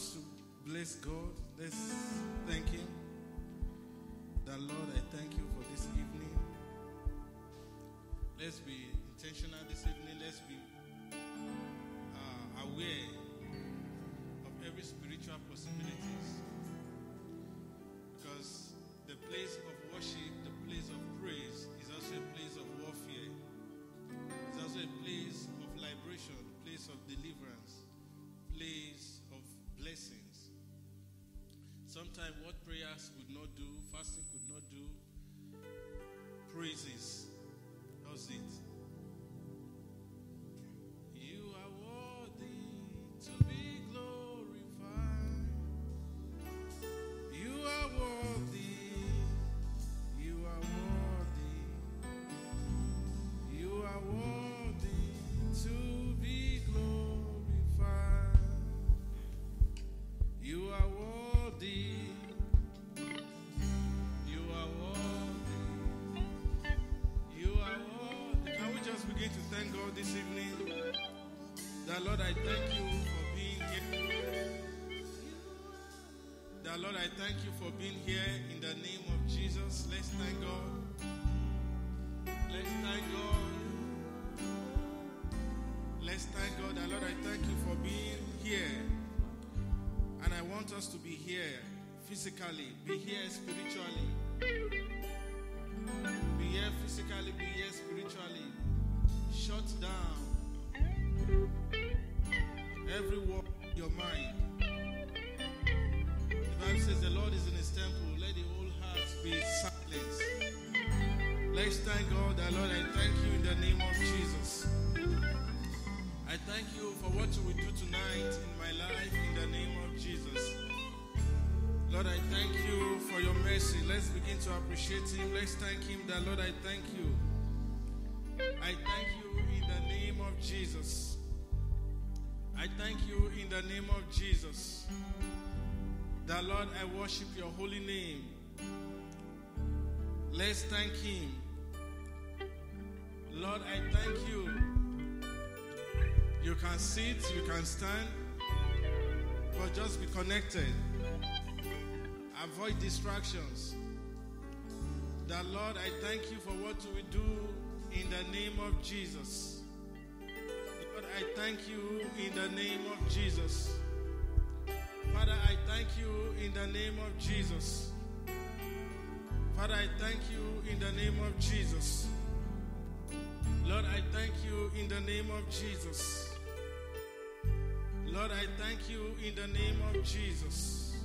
us to bless God, let's thank Him. That Lord, I thank you for this evening. Let's be intentional this evening. Let's be uh, aware of every spiritual possibilities. Lord, I thank you for being here in the name of Jesus. Let's thank God. Let's thank God. Let's thank God. And Lord, I thank you for being here. And I want us to be here physically, be here spiritually. Be here physically, be here spiritually. Shut down. appreciate Him. Let's thank Him that, Lord, I thank you. I thank you in the name of Jesus. I thank you in the name of Jesus. That, Lord, I worship your holy name. Let's thank Him. Lord, I thank you. You can sit, you can stand, but just be connected. Avoid distractions. That Lord, I thank you for what you do in the name of Jesus. Lord, I thank you in the name of Jesus. Father, I thank you in the name of Jesus. Father, I thank you in the name of Jesus. Lord, I thank you in the name of Jesus. Lord, I thank you in the name of Jesus.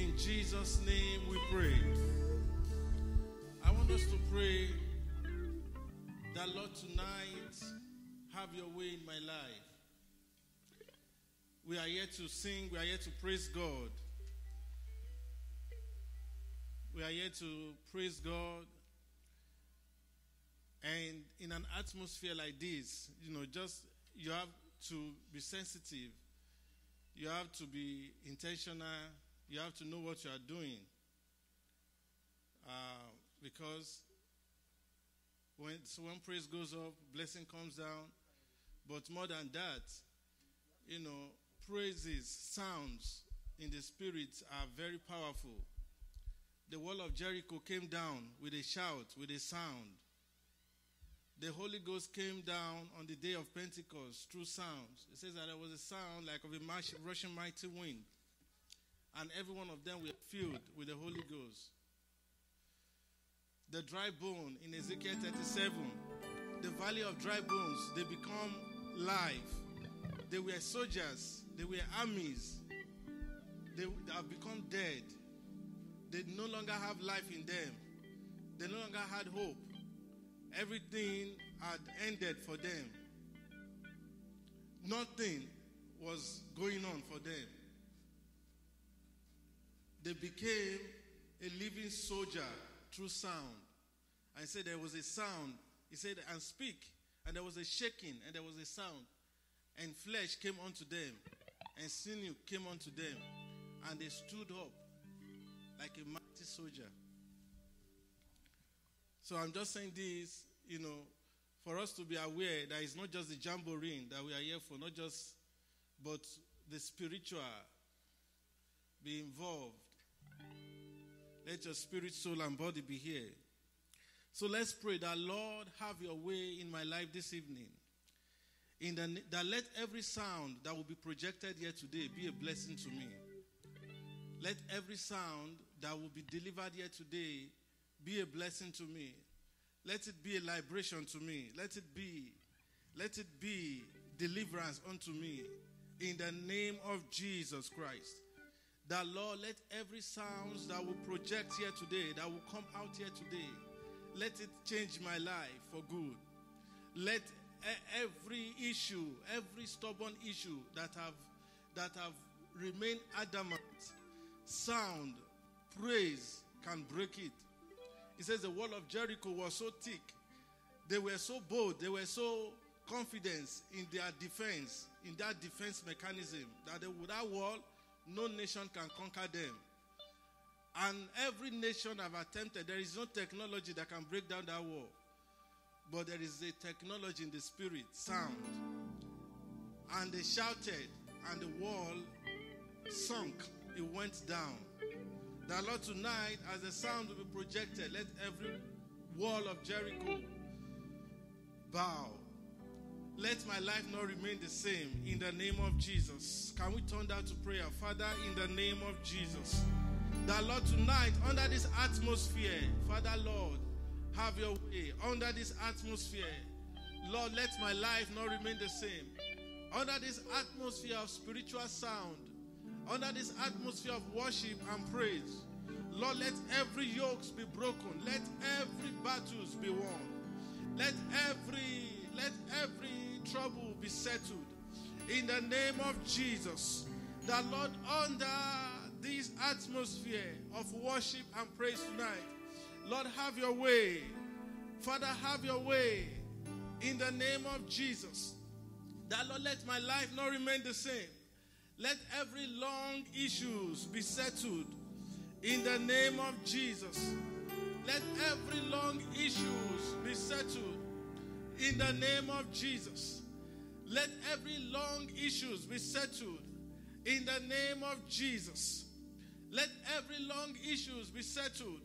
In Jesus' name we pray. I want us to pray that, Lord, tonight have your way in my life. We are here to sing, we are here to praise God. We are here to praise God. And in an atmosphere like this, you know, just you have to be sensitive, you have to be intentional you have to know what you are doing. Uh, because when, so when praise goes up, blessing comes down. But more than that, you know, praises, sounds in the spirit are very powerful. The wall of Jericho came down with a shout, with a sound. The Holy Ghost came down on the day of Pentecost through sounds. It says that there was a sound like of a Russian mighty wind and every one of them were filled with the Holy Ghost. The dry bone in Ezekiel 37, the valley of dry bones, they become live. They were soldiers, they were armies. They have become dead. They no longer have life in them. They no longer had hope. Everything had ended for them. Nothing was going on for them. They became a living soldier through sound. I said there was a sound. He said, and speak. And there was a shaking, and there was a sound. And flesh came unto them, and sinew came unto them. And they stood up like a mighty soldier. So I'm just saying this, you know, for us to be aware that it's not just the jamboree that we are here for, not just, but the spiritual. Be involved let your spirit, soul, and body be here. So let's pray that, Lord, have your way in my life this evening. In the, that let every sound that will be projected here today be a blessing to me. Let every sound that will be delivered here today be a blessing to me. Let it be a liberation to me. Let it be, let it be deliverance unto me. In the name of Jesus Christ. That Lord, let every sound that will project here today, that will come out here today, let it change my life for good. Let every issue, every stubborn issue that have that have remained adamant, sound, praise can break it. He says the wall of Jericho was so thick, they were so bold, they were so confident in their defense, in that defense mechanism, that they, that wall no nation can conquer them. And every nation have attempted. There is no technology that can break down that wall. But there is a technology in the spirit, sound. And they shouted, and the wall sunk. It went down. The Lord, tonight, as the sound will be projected, let every wall of Jericho bow let my life not remain the same in the name of Jesus. Can we turn that to prayer? Father, in the name of Jesus. That Lord, tonight, under this atmosphere, Father, Lord, have your way. Under this atmosphere, Lord, let my life not remain the same. Under this atmosphere of spiritual sound, under this atmosphere of worship and praise, Lord, let every yoke be broken. Let every battles be won. Let every, let every trouble will be settled. In the name of Jesus, That Lord, under this atmosphere of worship and praise tonight, Lord, have your way. Father, have your way. In the name of Jesus, that Lord, let my life not remain the same. Let every long issues be settled. In the name of Jesus, let every long issues be settled in the name of Jesus. Let every long issues be settled in the name of Jesus. Let every long issues be settled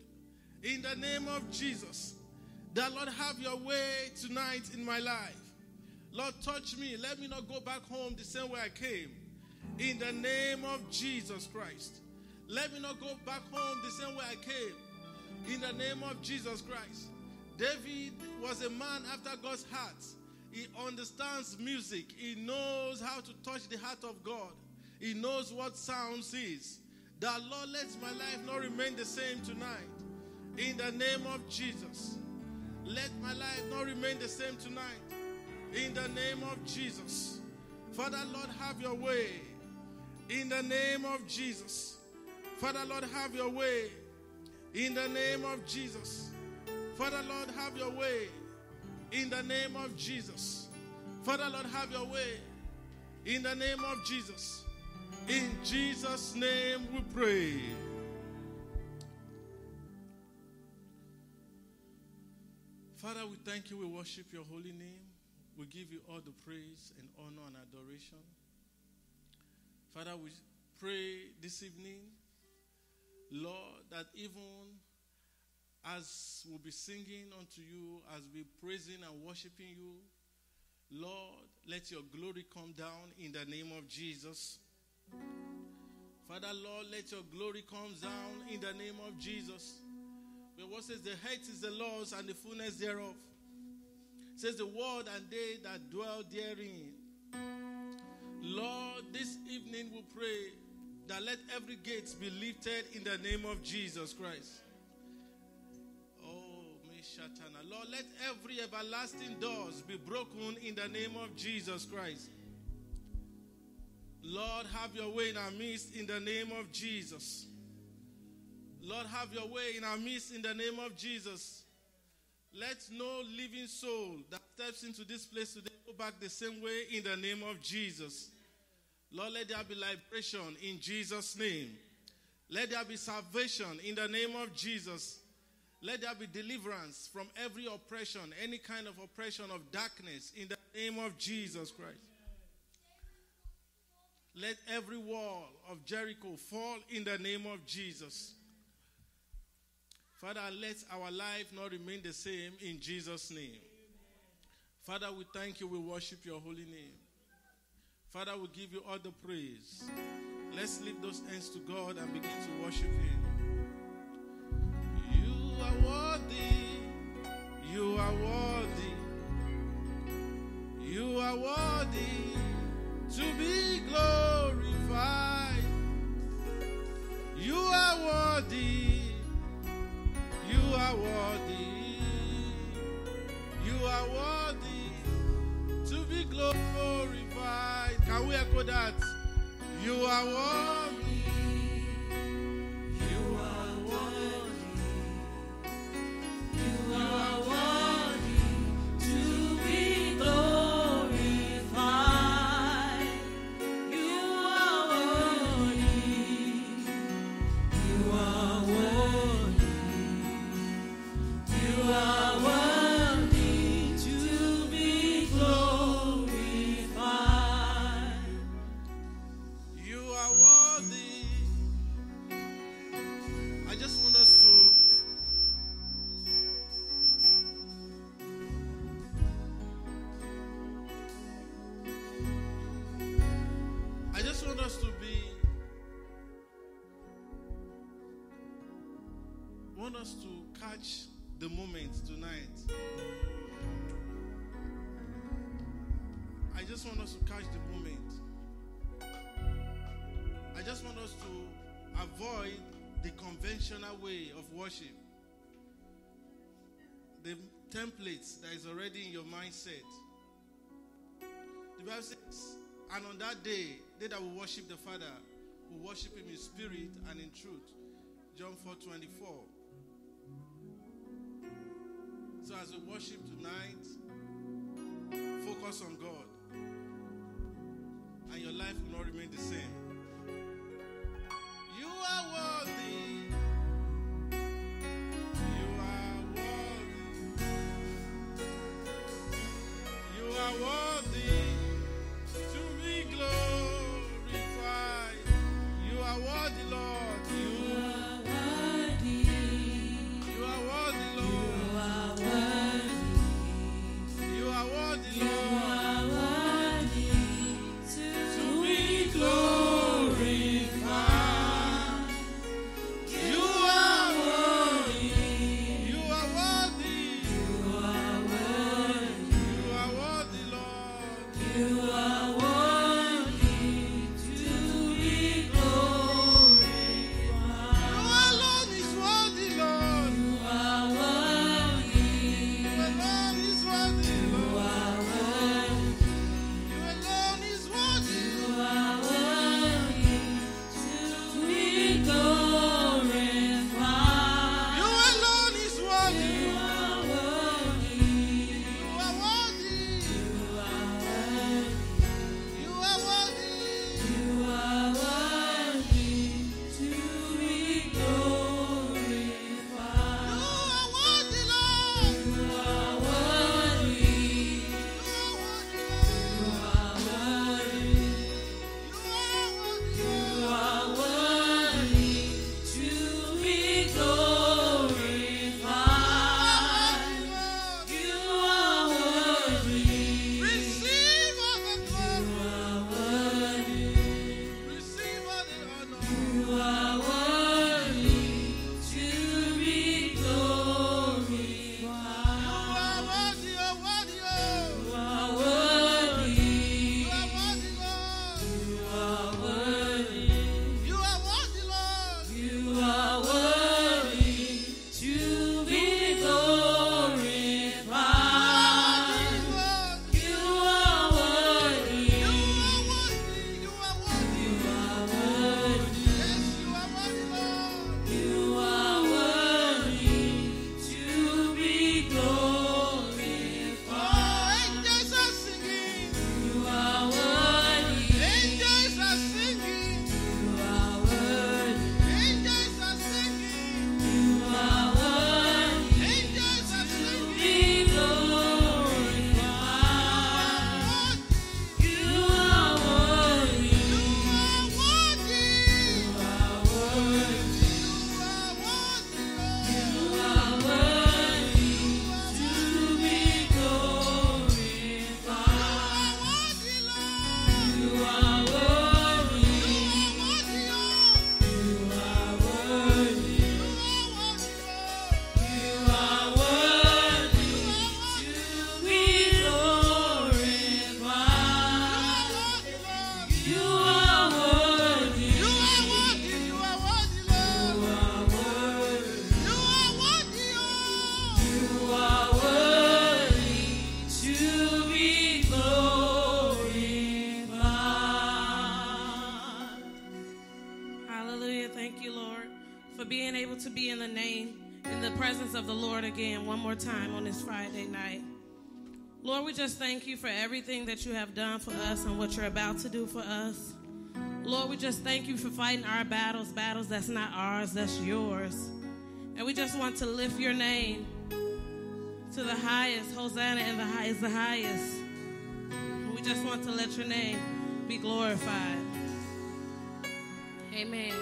in the name of Jesus. That Lord have your way tonight in my life. Lord touch me. Let me not go back home the same way I came. In the name of Jesus Christ. Let me not go back home the same way I came. In the name of Jesus Christ. David was a man after God's heart. He understands music. He knows how to touch the heart of God. He knows what sounds is. That Lord lets my life not remain the same tonight. In the name of Jesus. Let my life not remain the same tonight. In the name of Jesus. Father, Lord, have your way. In the name of Jesus. Father, Lord, have your way. In the name of Jesus. Father, Lord, have your way in the name of Jesus. Father, Lord, have your way in the name of Jesus. In Jesus' name we pray. Father, we thank you. We worship your holy name. We give you all the praise and honor and adoration. Father, we pray this evening, Lord, that even as we'll be singing unto you, as we're praising and worshiping you, Lord, let your glory come down in the name of Jesus. Father, Lord, let your glory come down in the name of Jesus. The word says, The height is the Lord's and the fullness thereof. It says, The word and they that dwell therein. Lord, this evening we pray that let every gate be lifted in the name of Jesus Christ. Shatana. Lord, let every everlasting doors be broken in the name of Jesus Christ. Lord, have your way in our midst in the name of Jesus. Lord, have your way in our midst in the name of Jesus. Let no living soul that steps into this place today go back the same way in the name of Jesus. Lord, let there be liberation in Jesus' name. Let there be salvation in the name of Jesus. Let there be deliverance from every oppression, any kind of oppression of darkness, in the name of Jesus Christ. Let every wall of Jericho fall in the name of Jesus. Father, let our life not remain the same in Jesus' name. Father, we thank you. We worship your holy name. Father, we give you all the praise. Let's lift those hands to God and begin to worship Him are worthy. You are worthy. You are worthy to be glorified. You are worthy. You are worthy. You are worthy to be glorified. Can we echo that? You are worthy. is already in your mindset. The Bible says, and on that day, they that will worship the Father will worship him in spirit and in truth. John 4 24. So as we worship tonight, focus on God. And your life will not remain the same. You are worthy. we just thank you for everything that you have done for us and what you're about to do for us. Lord, we just thank you for fighting our battles, battles that's not ours, that's yours. And we just want to lift your name to the highest. Hosanna in the highest, the highest. we just want to let your name be glorified. Amen.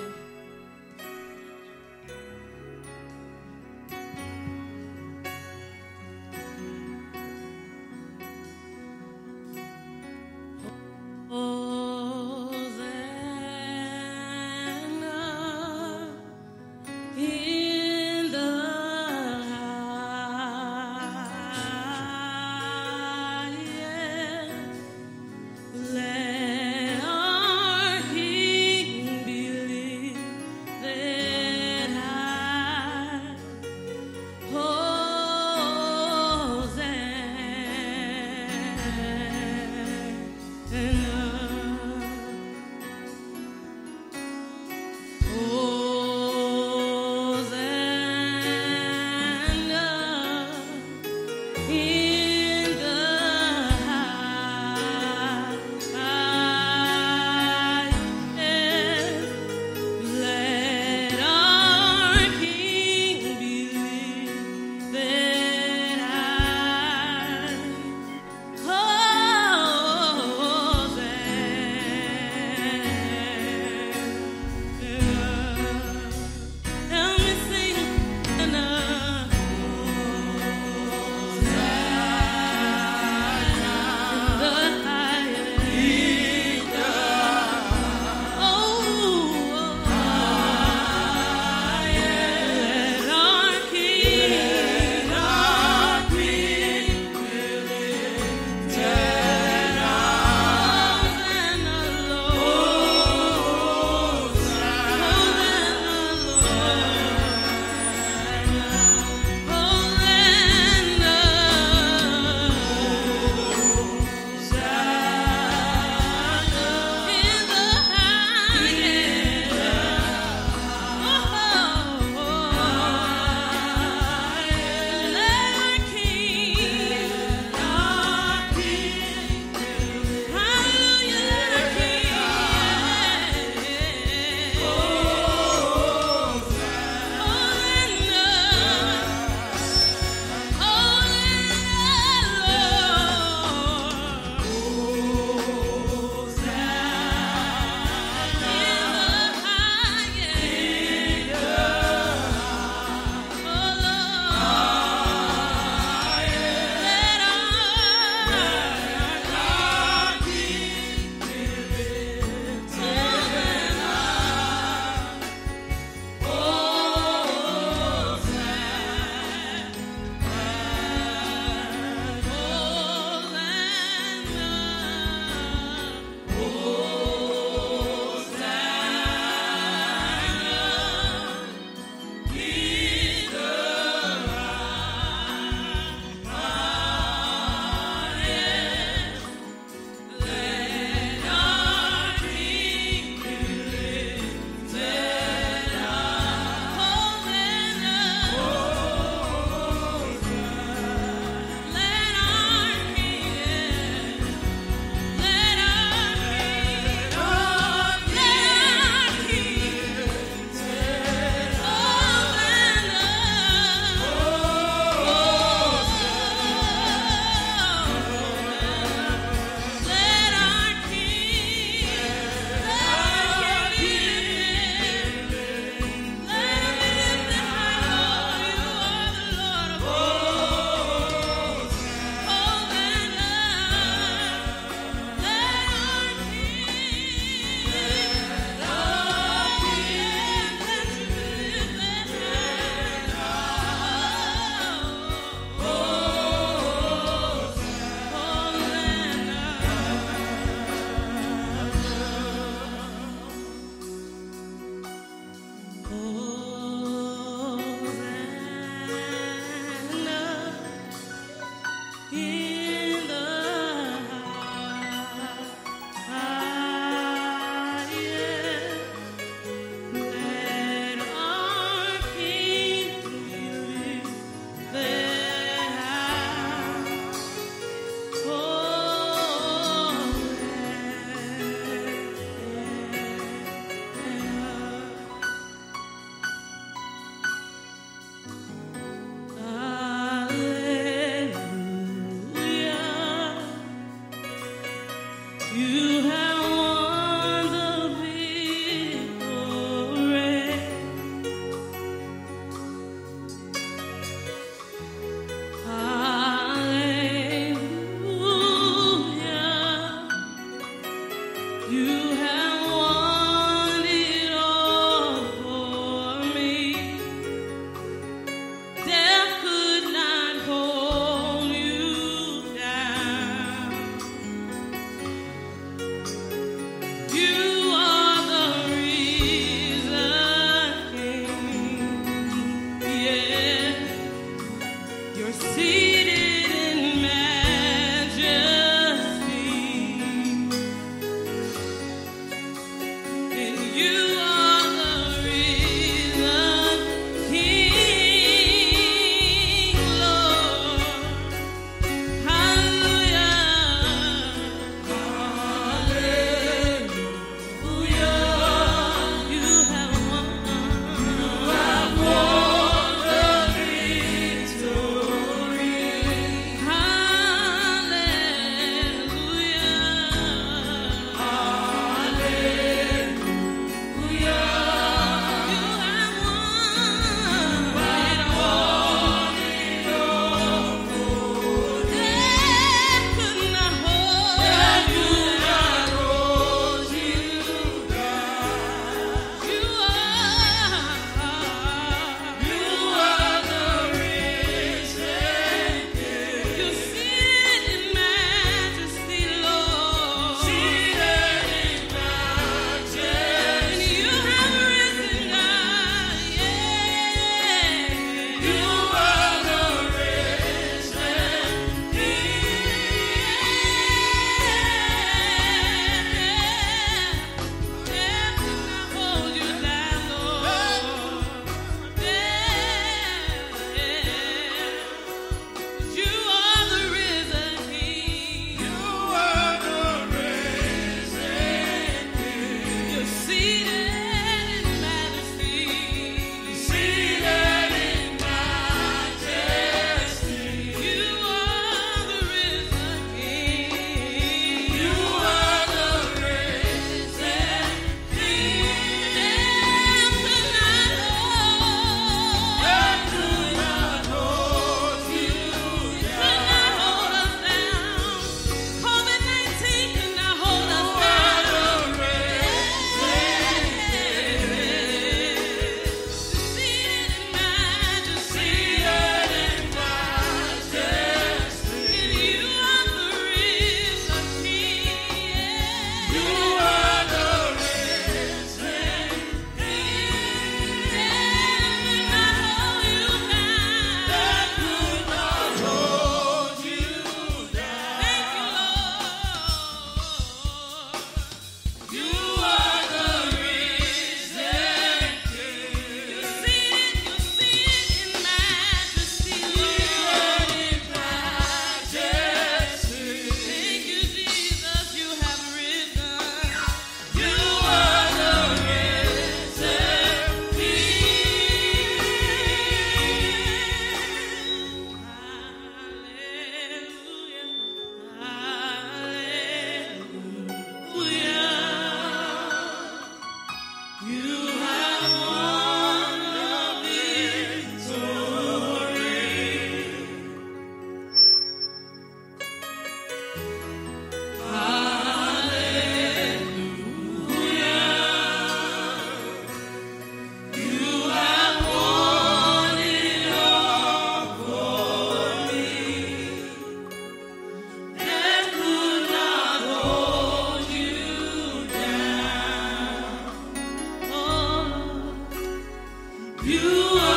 You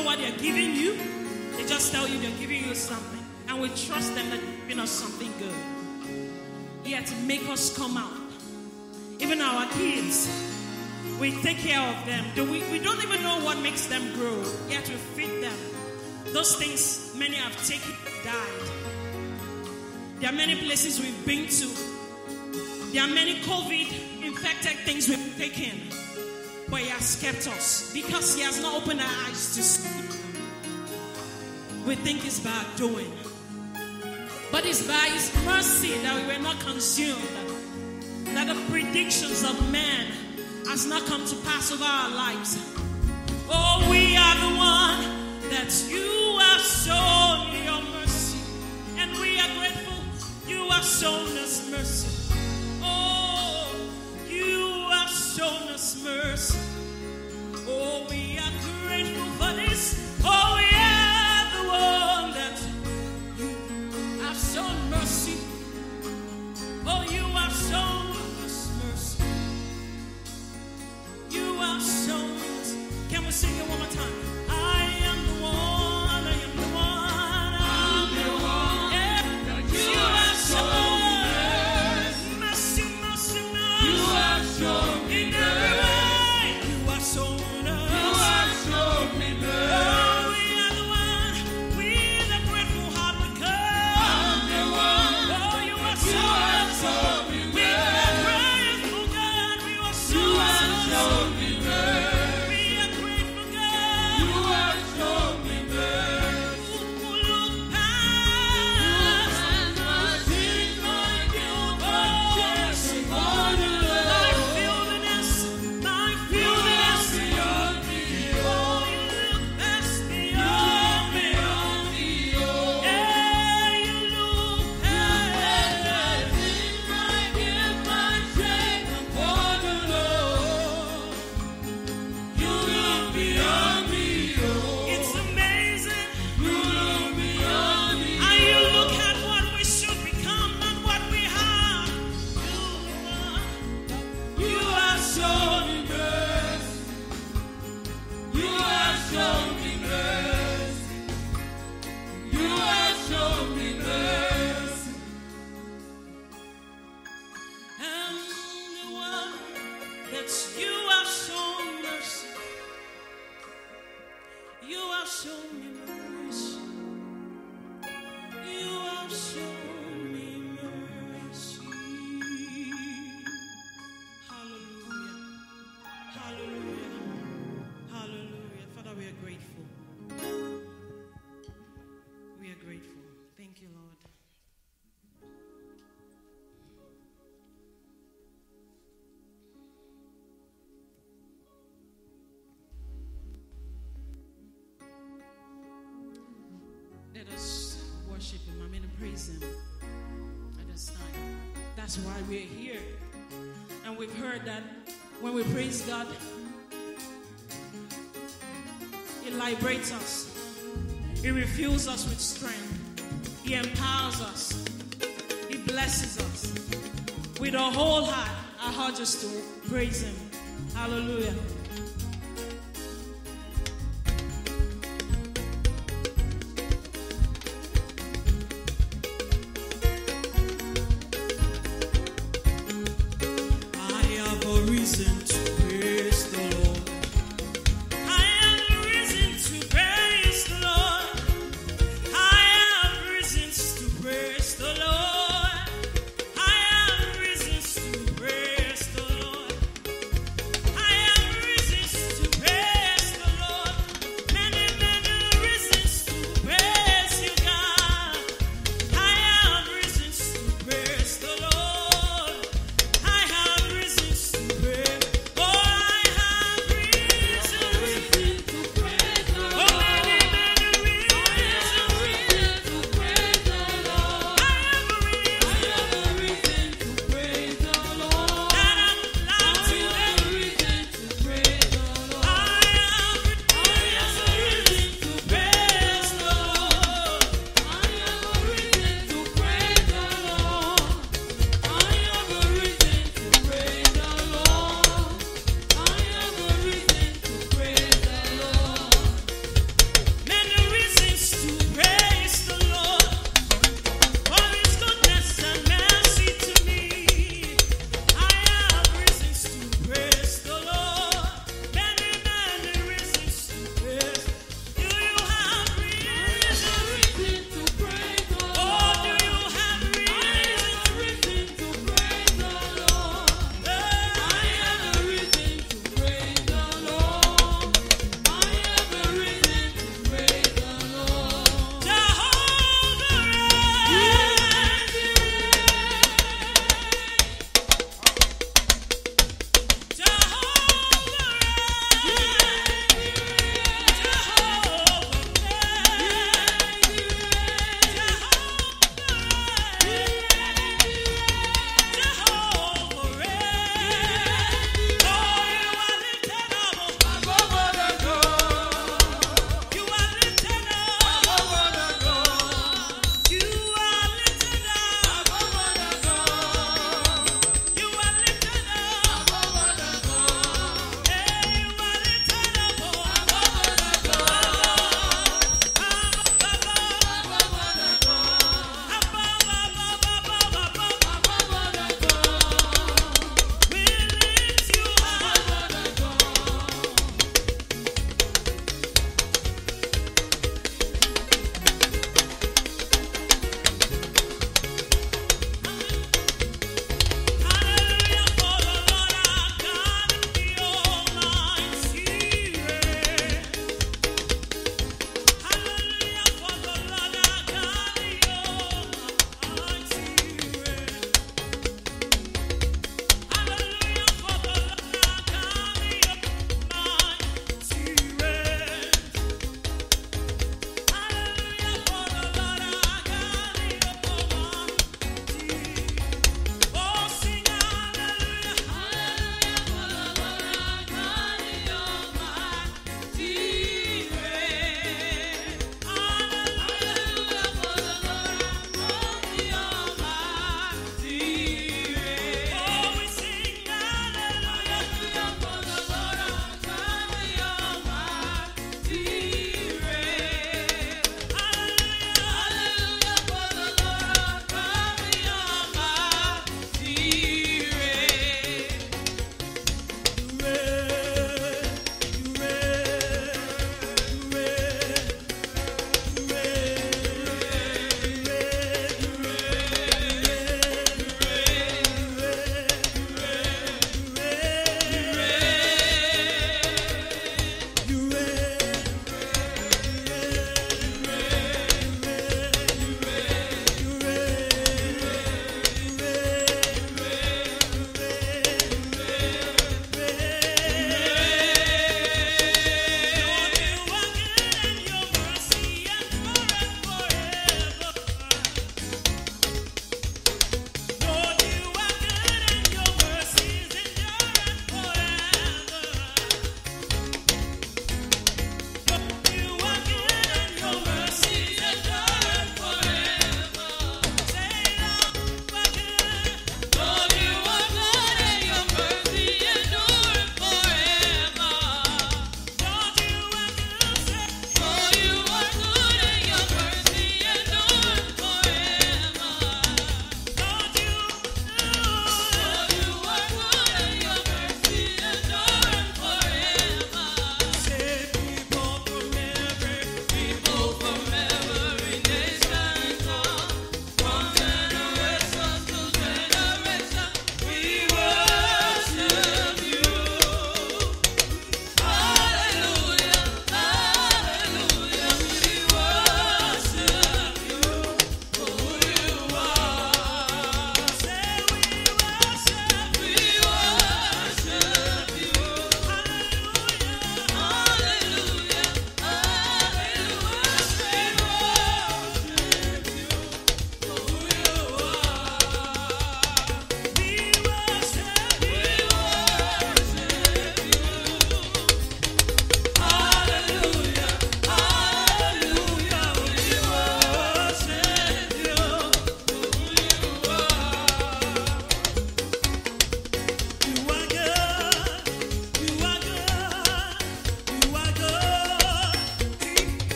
know what they're giving you. They just tell you they're giving you something. And we trust them that they're giving us something good. Yet make us come out. Even our kids, we take care of them. We, we don't even know what makes them grow. Yet we feed them. Those things many have taken died. There are many places we've been to. There are many COVID infected things we've taken but he has kept us because he has not opened our eyes to see. We think it's by doing, but it's by his mercy that we were not consumed, that the predictions of man has not come to pass over our lives. Oh, we are the one that you have shown your mercy, and we are grateful you have shown us mercy. Oh, you have shown us. His mercy. Oh, we are grateful for this. Oh, we are the one that you have shown mercy. Oh, you have shown us mercy. You have shown us. Can we sing it one more time? heard that when we praise God, it liberates us, it refuels us with strength, He empowers us, He blesses us. With our whole heart, I heart just to praise Him. Hallelujah.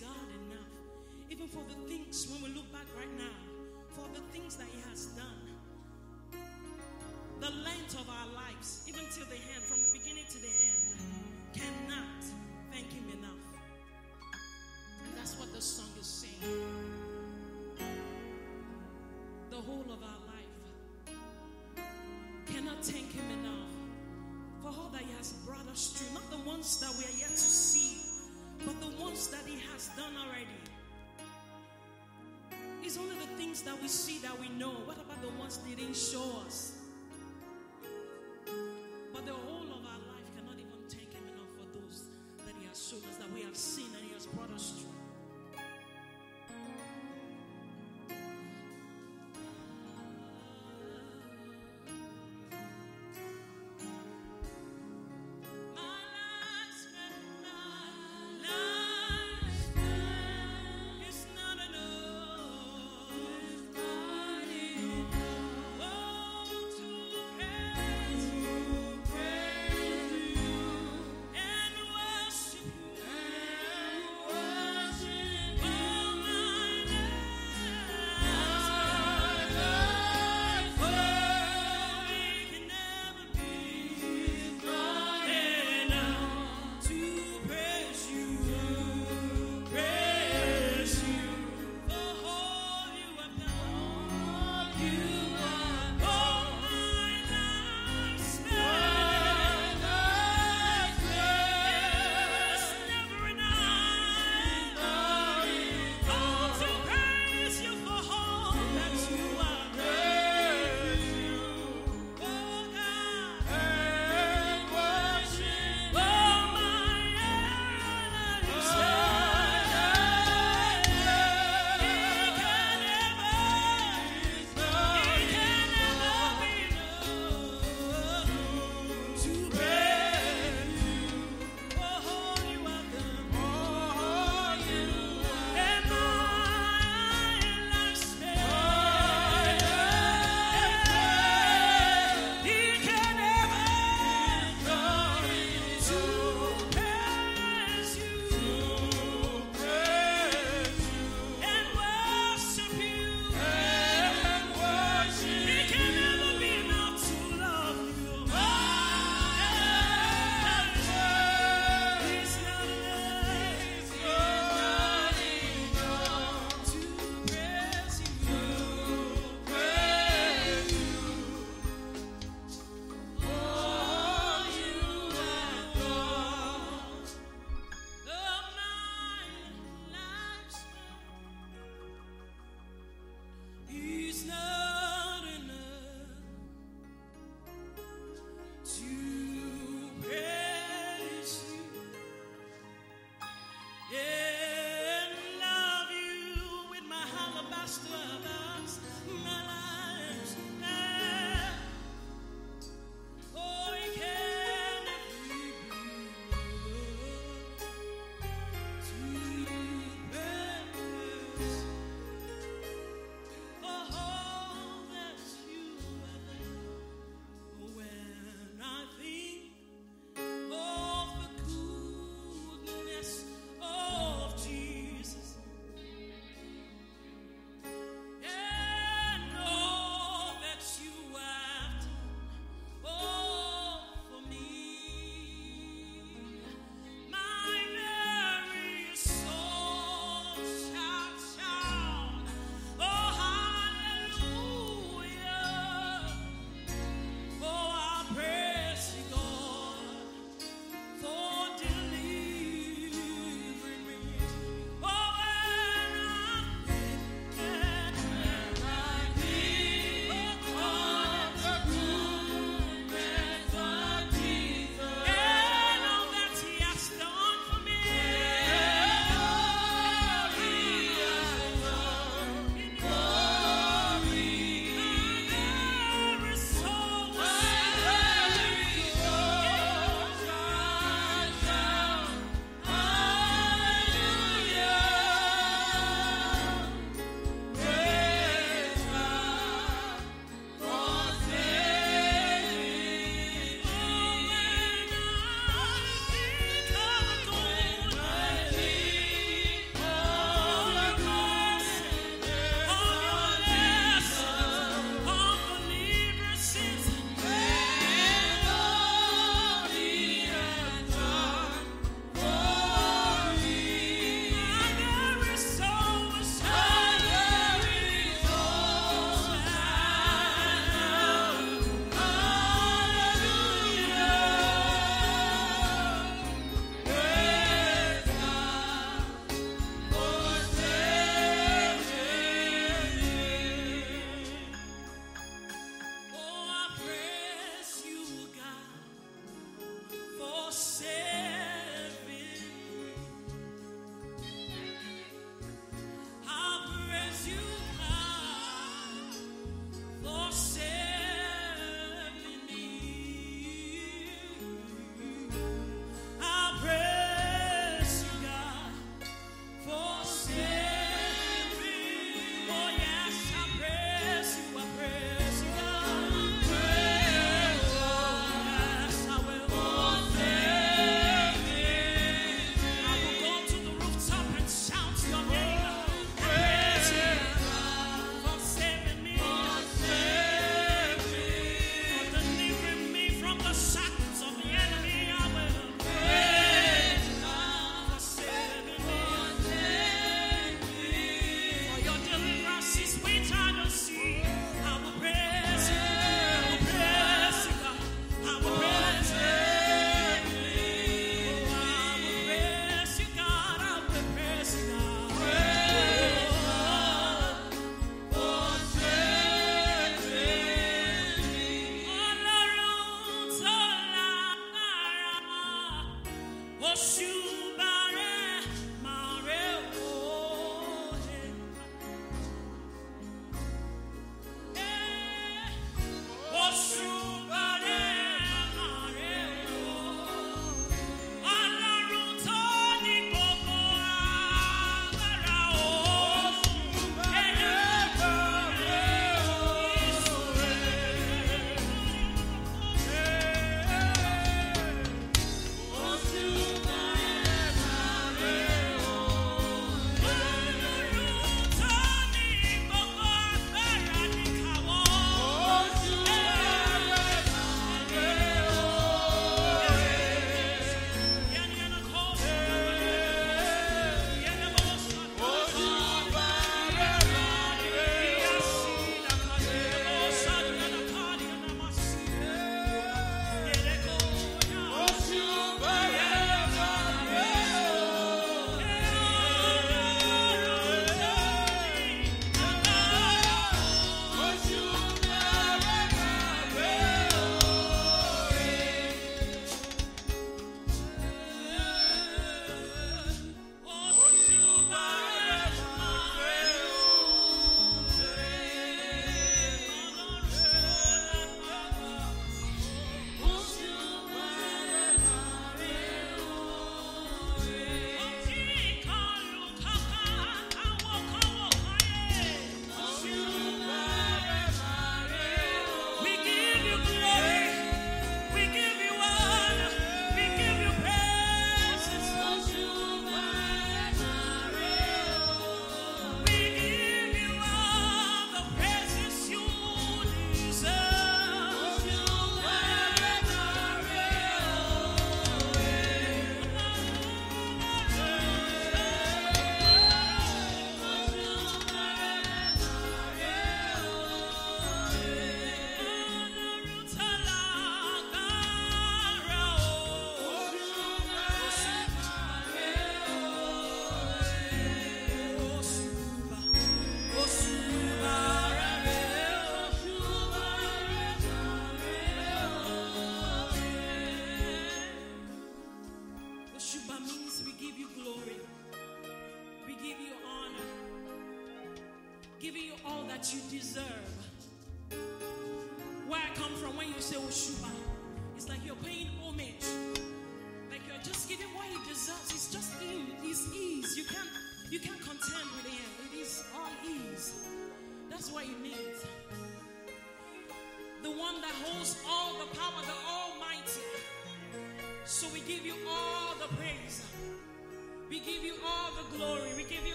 God enough. Even for the things, when we look back right now, for the things that He has done. The length of our lives, even till the end, from the beginning to the end, cannot thank Him enough. And that's what the song is saying. The whole of our life cannot thank Him enough for all that He has brought us through, not the ones that we are yet to see works that He has done already. It's only the things that we see that we know. What about the ones they didn't show us? But the whole of our life cannot even thank Him enough for those that He has shown us, that we have seen and He has brought us to.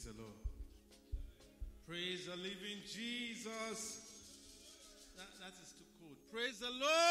Praise the Lord. Praise the living Jesus. That, that is too cold. Praise the Lord.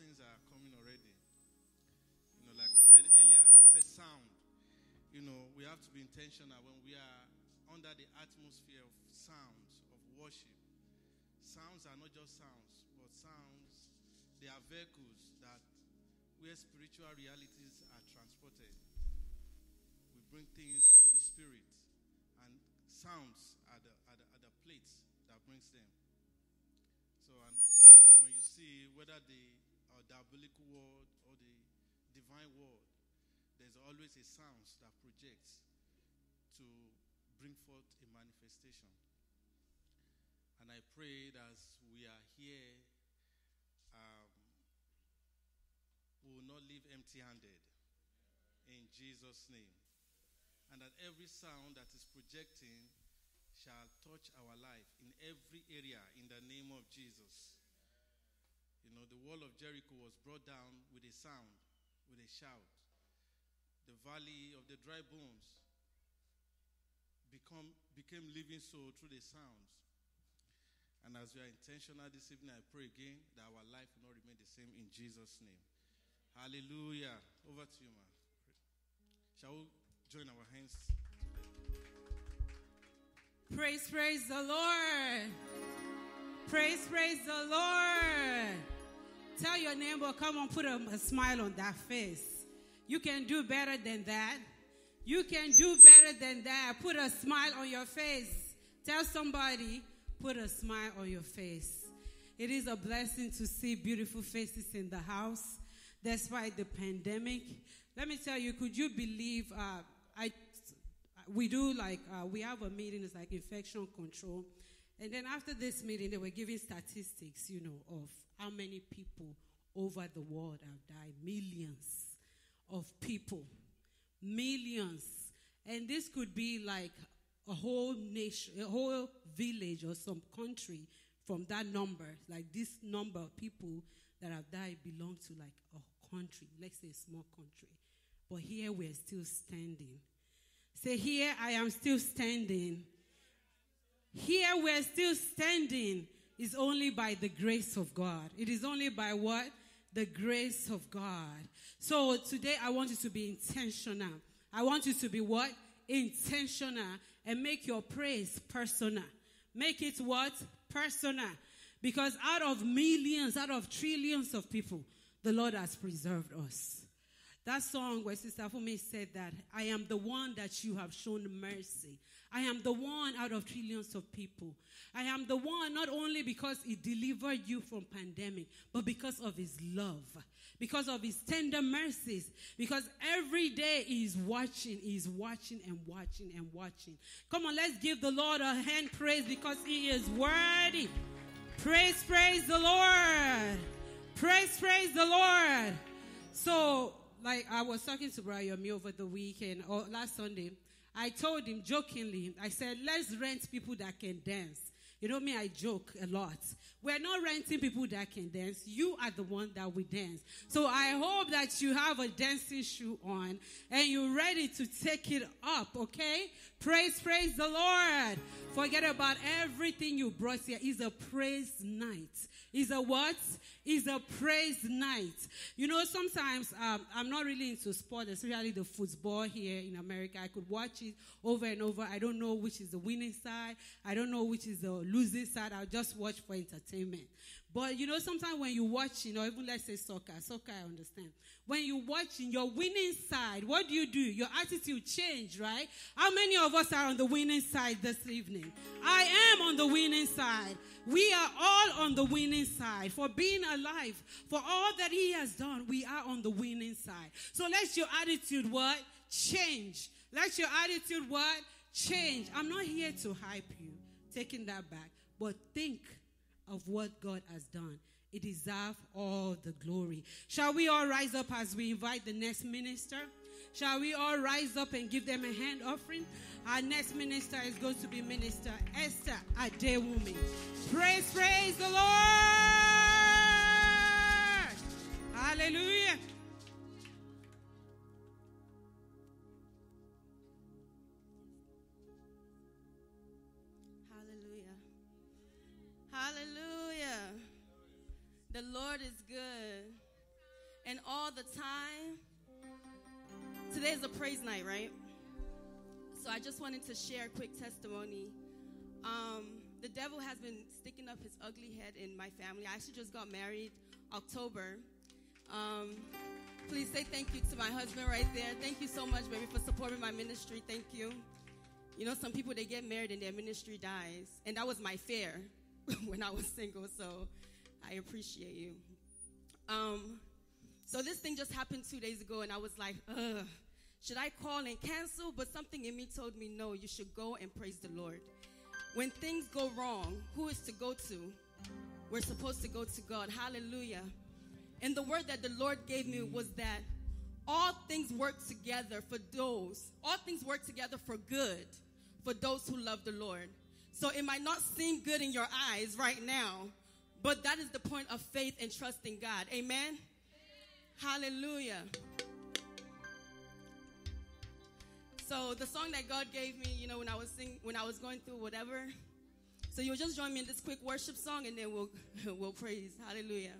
blessings are coming already. You know, like we said earlier, I said sound. You know, we have to be intentional when we are under the atmosphere of sounds, of worship. Sounds are not just sounds, but sounds, they are vehicles that where spiritual realities are transported. We bring things from the spirit, and sounds are the, are the, are the plates that brings them. So, and when you see whether the or diabolical word or the divine word, there's always a sound that projects to bring forth a manifestation. And I pray that as we are here, um, we will not leave empty handed in Jesus' name. And that every sound that is projecting shall touch our life in every area in the name of Jesus. You know, the wall of Jericho was brought down with a sound, with a shout. The valley of the dry bones become, became living soul through the sounds. And as we are intentional this evening, I pray again that our life will not remain the same in Jesus' name. Hallelujah. Over to you, man. Shall we join our hands Praise, praise the Lord. Praise, praise the Lord tell your neighbor, come on, put a, a smile on that face. You can do better than that. You can do better than that. Put a smile on your face. Tell somebody, put a smile on your face. It is a blessing to see beautiful faces in the house despite the pandemic. Let me tell you, could you believe uh, I, we do like, uh, we have a meeting, it's like infection control. And then after this meeting, they were giving statistics, you know, of how many people over the world have died. Millions of people. Millions. And this could be like a whole nation, a whole village or some country from that number. Like this number of people that have died belong to like a country, let's say a small country. But here we're still standing. Say, so here I am still standing here we're still standing is only by the grace of God. It is only by what? The grace of God. So today I want you to be intentional. I want you to be what? Intentional and make your praise personal. Make it what? Personal. Because out of millions, out of trillions of people, the Lord has preserved us. That song where Sister Fumi said that, I am the one that you have shown mercy. I am the one out of trillions of people. I am the one not only because he delivered you from pandemic, but because of his love, because of his tender mercies, because every day he is watching, he is watching and watching and watching. Come on, let's give the Lord a hand praise because he is worthy. Praise, praise the Lord. Praise, praise the Lord. So, like I was talking to Brian me over the weekend or last Sunday I told him jokingly, I said, let's rent people that can dance. You know me, I joke a lot. We're not renting people that can dance. You are the one that we dance. So I hope that you have a dancing shoe on and you're ready to take it up, okay? Praise, praise the Lord. Forget about everything you brought here. It's a praise night. Is a what? Is a praise night. You know, sometimes um, I'm not really into sport, especially the football here in America. I could watch it over and over. I don't know which is the winning side. I don't know which is the losing side. I'll just watch for entertainment. But you know, sometimes when you watch, you know, even let's say soccer, soccer, I understand. When you watch in your winning side, what do you do? Your attitude change, right? How many of us are on the winning side this evening? I am on the winning side. We are all on the winning side. For being alive, for all that He has done, we are on the winning side. So let your attitude what? Change. Let your attitude what? Change. I'm not here to hype you, taking that back, but think of what God has done. It deserves all the glory. Shall we all rise up as we invite the next minister? Shall we all rise up and give them a hand offering? Our next minister is going to be Minister Esther Adewumi. Praise, praise the Lord! Hallelujah! The Lord is good. And all the time. Today is a praise night, right? So I just wanted to share a quick testimony. Um, the devil has been sticking up his ugly head in my family. I actually just got married October. Um, please say thank you to my husband right there. Thank you so much, baby, for supporting my ministry. Thank you. You know, some people they get married and their ministry dies, and that was my fear when I was single. So I appreciate you. Um, so this thing just happened two days ago, and I was like, ugh, should I call and cancel? But something in me told me, no, you should go and praise the Lord. When things go wrong, who is to go to? We're supposed to go to God. Hallelujah. And the word that the Lord gave me was that all things work together for those, all things work together for good for those who love the Lord. So it might not seem good in your eyes right now, but that is the point of faith and trust in God. Amen? Hallelujah. So the song that God gave me, you know, when I was sing, when I was going through whatever. So you'll just join me in this quick worship song, and then we'll we'll praise. Hallelujah.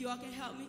you all can help me?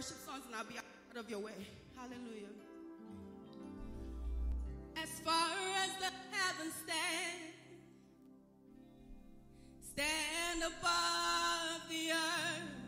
worship songs and I'll be out of your way. Hallelujah. As far as the heavens stand, stand above the earth.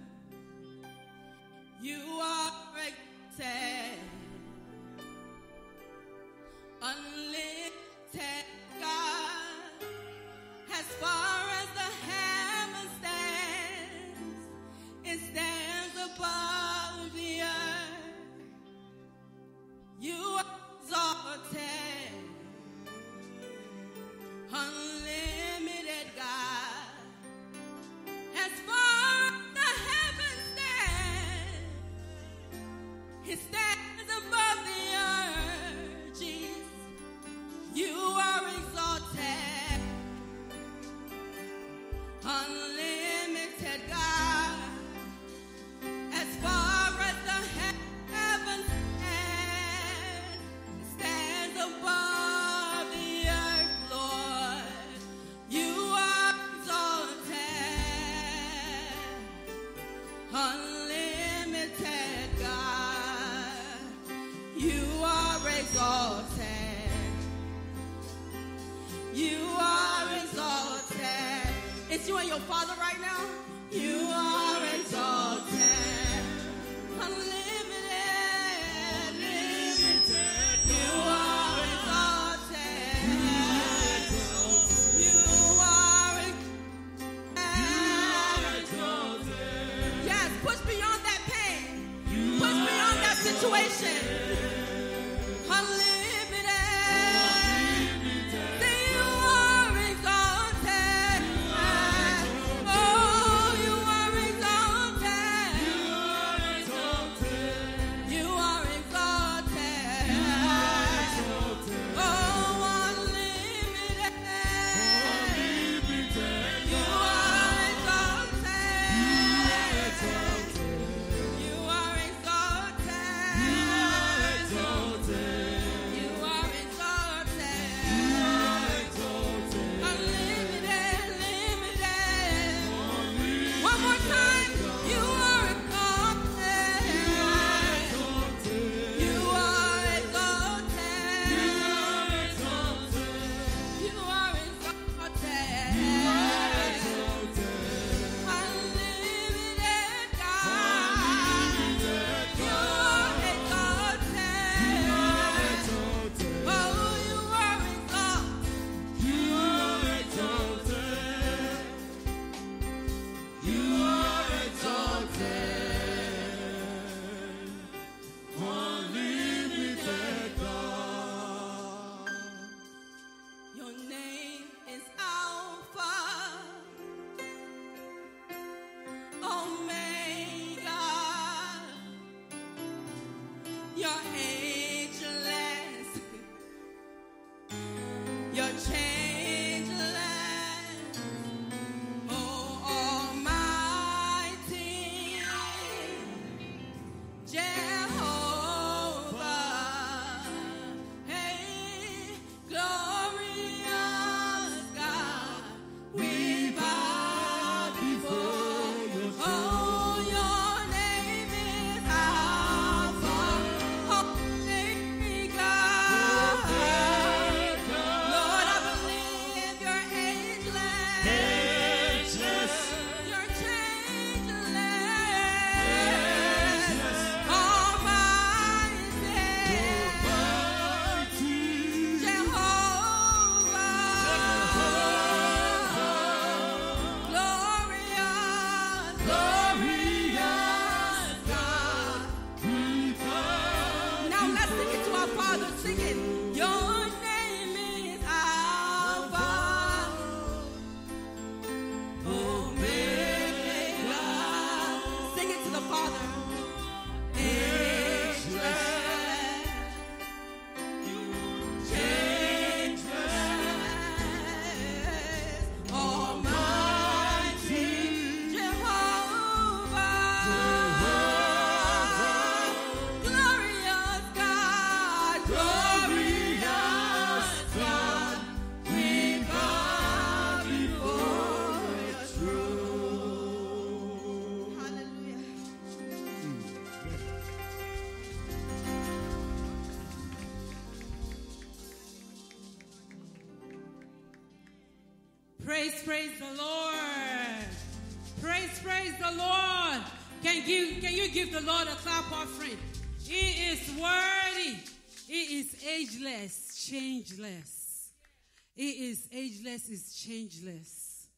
changeless.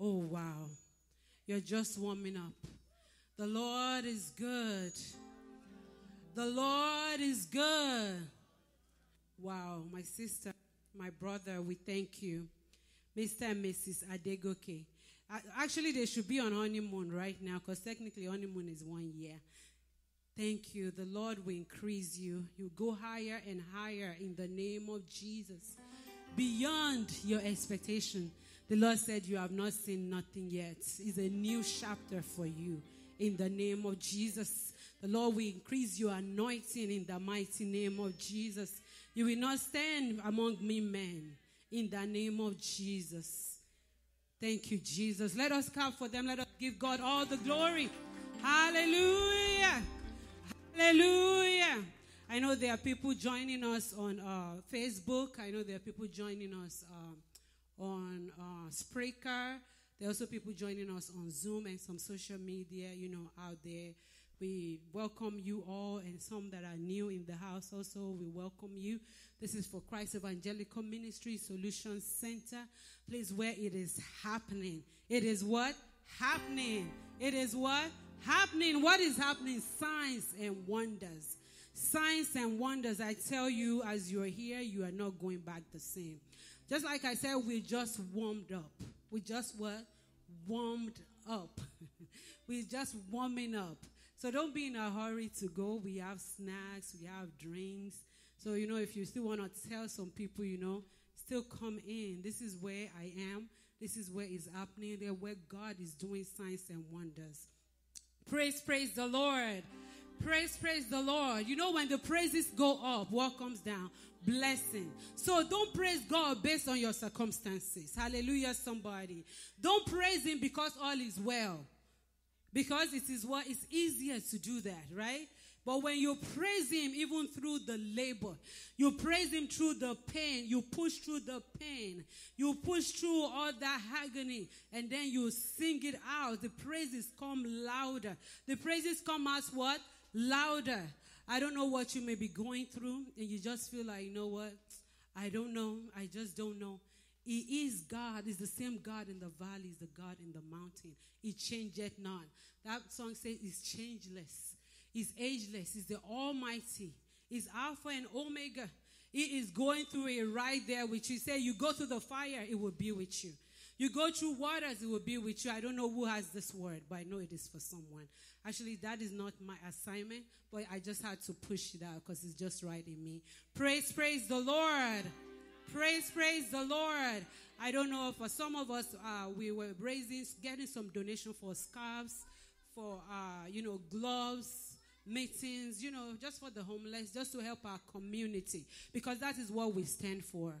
Oh, wow. You're just warming up. The Lord is good. The Lord is good. Wow, my sister, my brother, we thank you. Mr. and Mrs. Adegoke. Actually, they should be on honeymoon right now because technically, honeymoon is one year. Thank you. The Lord will increase you. You go higher and higher in the name of Jesus, beyond your expectation. The Lord said, You have not seen nothing yet. It's a new chapter for you. In the name of Jesus, the Lord will increase your anointing in the mighty name of Jesus. You will not stand among me men. In the name of Jesus. Thank you, Jesus. Let us come for them. Let us give God all the glory. Hallelujah. Hallelujah. I know there are people joining us on uh, Facebook. I know there are people joining us um, on uh, Spreaker. There are also people joining us on Zoom and some social media, you know, out there. We welcome you all and some that are new in the house also. We welcome you. This is for Christ Evangelical Ministry Solutions Center, place where it is happening. It is what? Happening. It is what? Happening. What is happening? Signs and wonders. Signs and wonders. I tell you, as you're here, you are not going back the same. Just like I said, we just warmed up. We just were warmed up. we just warming up. So don't be in a hurry to go. We have snacks, we have drinks. So, you know, if you still want to tell some people, you know, still come in. This is where I am. This is where it's happening. There, where God is doing signs and wonders. Praise, praise the Lord. Praise, praise the Lord. You know, when the praises go up, what comes down? Blessing. So don't praise God based on your circumstances. Hallelujah, somebody. Don't praise Him because all is well. Because it is what is easier to do that, right? But when you praise Him, even through the labor, you praise Him through the pain, you push through the pain, you push through all that agony, and then you sing it out. The praises come louder. The praises come as what? louder. I don't know what you may be going through, and you just feel like, you know what? I don't know. I just don't know. He is God. He's the same God in the valley, He's the God in the mountain. He changeth not. That song says he's changeless, he's ageless, he's the Almighty, he's Alpha and Omega. He is going through it right there, which he said, You go through the fire, it will be with you. You go through waters, it will be with you. I don't know who has this word, but I know it is for someone. Actually, that is not my assignment, but I just had to push it out because it's just right in me. Praise, praise the Lord. Praise, praise the Lord. I don't know, for some of us, uh, we were raising, getting some donation for scarves, for, uh, you know, gloves, meetings, you know, just for the homeless, just to help our community, because that is what we stand for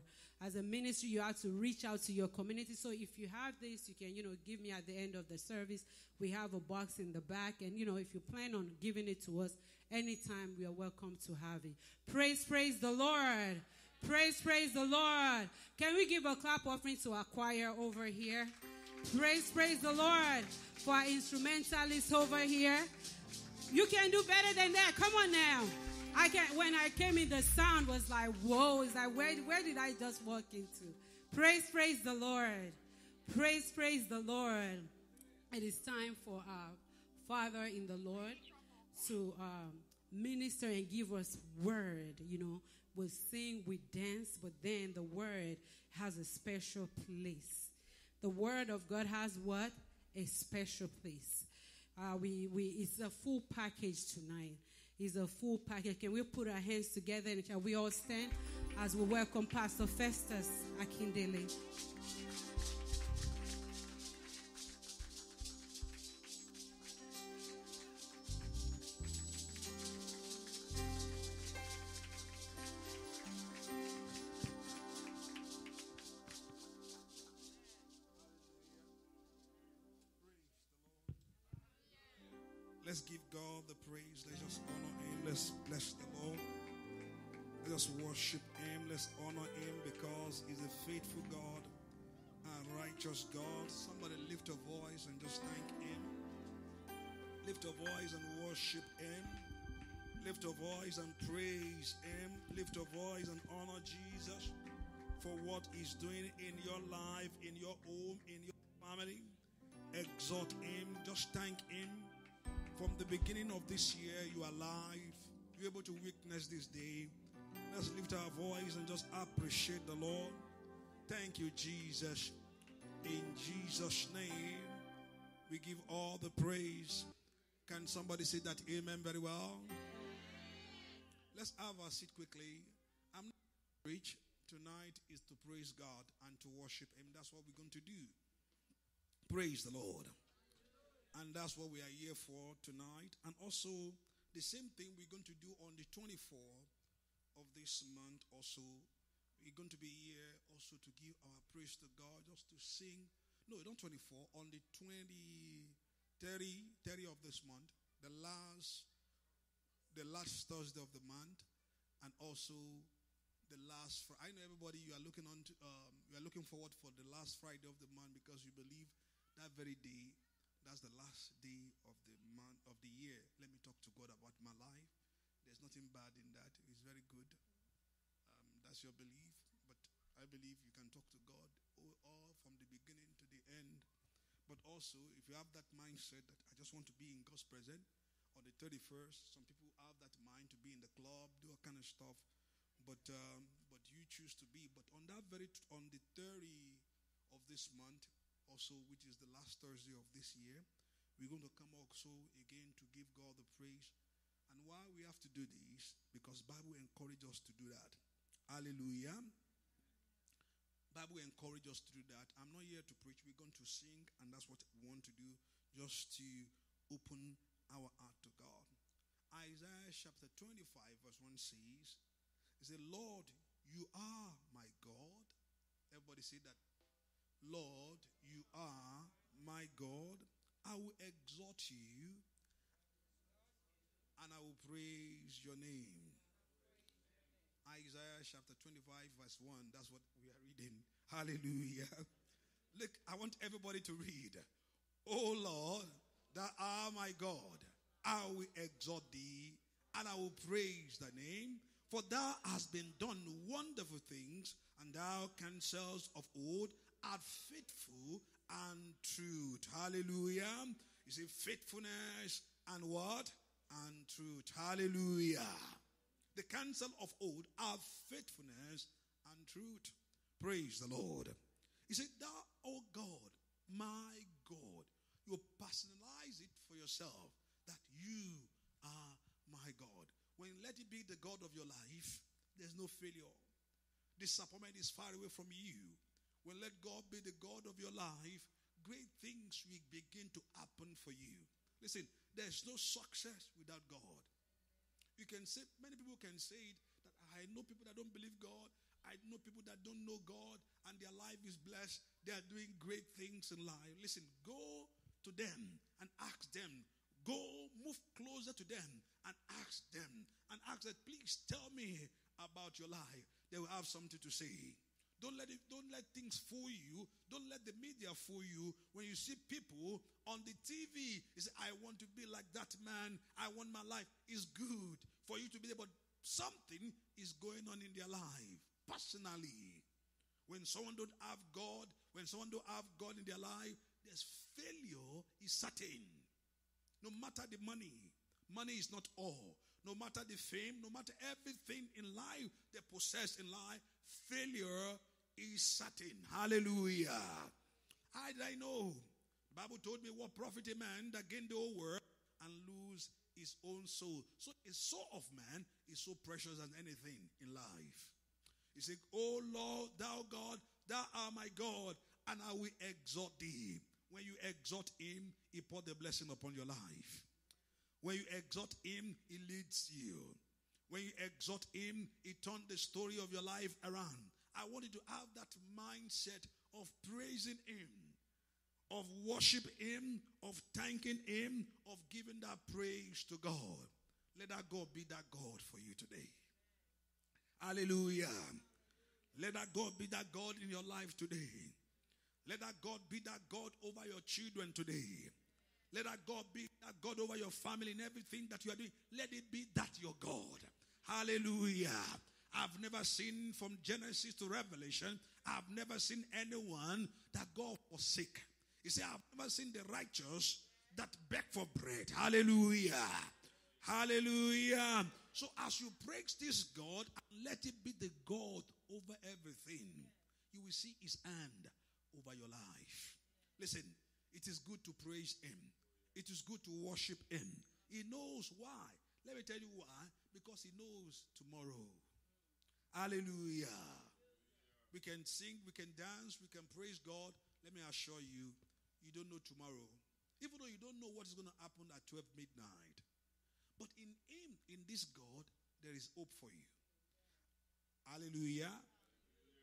as a ministry, you have to reach out to your community. So if you have this, you can, you know, give me at the end of the service. We have a box in the back. And, you know, if you plan on giving it to us anytime, we are welcome to have it. Praise, praise the Lord. Praise, praise the Lord. Can we give a clap offering to our choir over here? Praise, praise the Lord for our instrumentalists over here. You can do better than that. Come on now. I can, when I came in, the sound was like, whoa. It's like, where, where did I just walk into? Praise, praise the Lord. Praise, praise the Lord. It is time for our Father in the Lord to um, minister and give us word. You know, we sing, we dance, but then the word has a special place. The word of God has what? A special place. Uh, we, we, it's a full package tonight is a full package. Can we put our hands together and shall we all stand as we welcome Pastor Festus Akindele? voice and worship Him. Lift your voice and praise Him. Lift your voice and honor Jesus for what He's doing in your life, in your home, in your family. Exhort Him. Just thank Him. From the beginning of this year, you are alive. You're able to witness this day. Let's lift our voice and just appreciate the Lord. Thank you, Jesus. In Jesus' name, we give all the praise. Can somebody say that amen very well? Let's have a seat quickly. I'm not rich. Tonight is to praise God and to worship Him. That's what we're going to do. Praise the Lord. And that's what we are here for tonight. And also, the same thing we're going to do on the 24th of this month, also. We're going to be here also to give our praise to God, just to sing. No, not 24, on the 20. 30, 30 of this month, the last, the last Thursday of the month, and also the last. Fr- I know everybody you are looking on. To, um, you are looking forward for the last Friday of the month because you believe that very day, that's the last day of the month of the year. Let me talk to God about my life. There's nothing bad in that. It's very good. Um, that's your belief, but I believe you can talk to God all, all but also, if you have that mindset that I just want to be in God's presence on the 31st, some people have that mind to be in the club, do all kind of stuff. But um, but you choose to be. But on that very on the 30 of this month, also which is the last Thursday of this year, we're going to come also again to give God the praise. And why we have to do this because Bible encourages us to do that. Hallelujah. Bible encourage us to do that. I'm not here to preach. We're going to sing, and that's what we want to do, just to open our heart to God. Isaiah chapter 25, verse 1 says, It says, Lord, you are my God. Everybody say that. Lord, you are my God. I will exalt you and I will praise your name. Isaiah chapter 25, verse 1. That's what Hallelujah. Look, I want everybody to read. Oh Lord, thou art my God. I will exalt thee and I will praise thy name. For thou hast been done wonderful things, and thou cancels of old are faithful and true. Hallelujah. You see, faithfulness and what? And truth. Hallelujah. The counsel of old are faithfulness and truth. Praise the Lord. He said, Thou, O God, my God, you personalize it for yourself that you are my God. When let it be the God of your life, there's no failure. Disappointment is far away from you. When let God be the God of your life, great things will begin to happen for you. Listen, there's no success without God. You can say, many people can say it that I know people that don't believe God, I know people that don't know God and their life is blessed. They are doing great things in life. Listen, go to them and ask them. Go move closer to them and ask them. And ask that, please tell me about your life. They will have something to say. Don't let it, don't let things fool you. Don't let the media fool you. When you see people on the TV, you say, I want to be like that man. I want my life. It's good for you to be there, but something is going on in their life personally. When someone don't have God, when someone don't have God in their life, there's failure is certain. No matter the money, money is not all. No matter the fame, no matter everything in life they possess in life, failure is certain. Hallelujah. How did I know? The Bible told me what profit a man that gain the whole world and lose his own soul. So a soul of man is so precious as anything in life. He said, O Lord, thou God, thou art my God, and I will exhort thee. When you exhort him, he pours the blessing upon your life. When you exhort him, he leads you. When you exhort him, he turns the story of your life around. I want you to have that mindset of praising him, of worshiping him, of thanking him, of giving that praise to God. Let that God be that God for you today. Hallelujah. Let that God be that God in your life today. Let that God be that God over your children today. Let that God be that God over your family and everything that you are doing. Let it be that your God. Hallelujah. I've never seen from Genesis to Revelation, I've never seen anyone that God forsake. He said, I've never seen the righteous that beg for bread. Hallelujah. Hallelujah. So as you praise this God, let it be the God over everything. You will see his hand over your life. Listen, it is good to praise him, it is good to worship him. He knows why. Let me tell you why. Because he knows tomorrow. Hallelujah. We can sing, we can dance, we can praise God. Let me assure you, you don't know tomorrow. Even though you don't know what is going to happen at 12 midnight. But in him, in this God, there is hope for you. Hallelujah.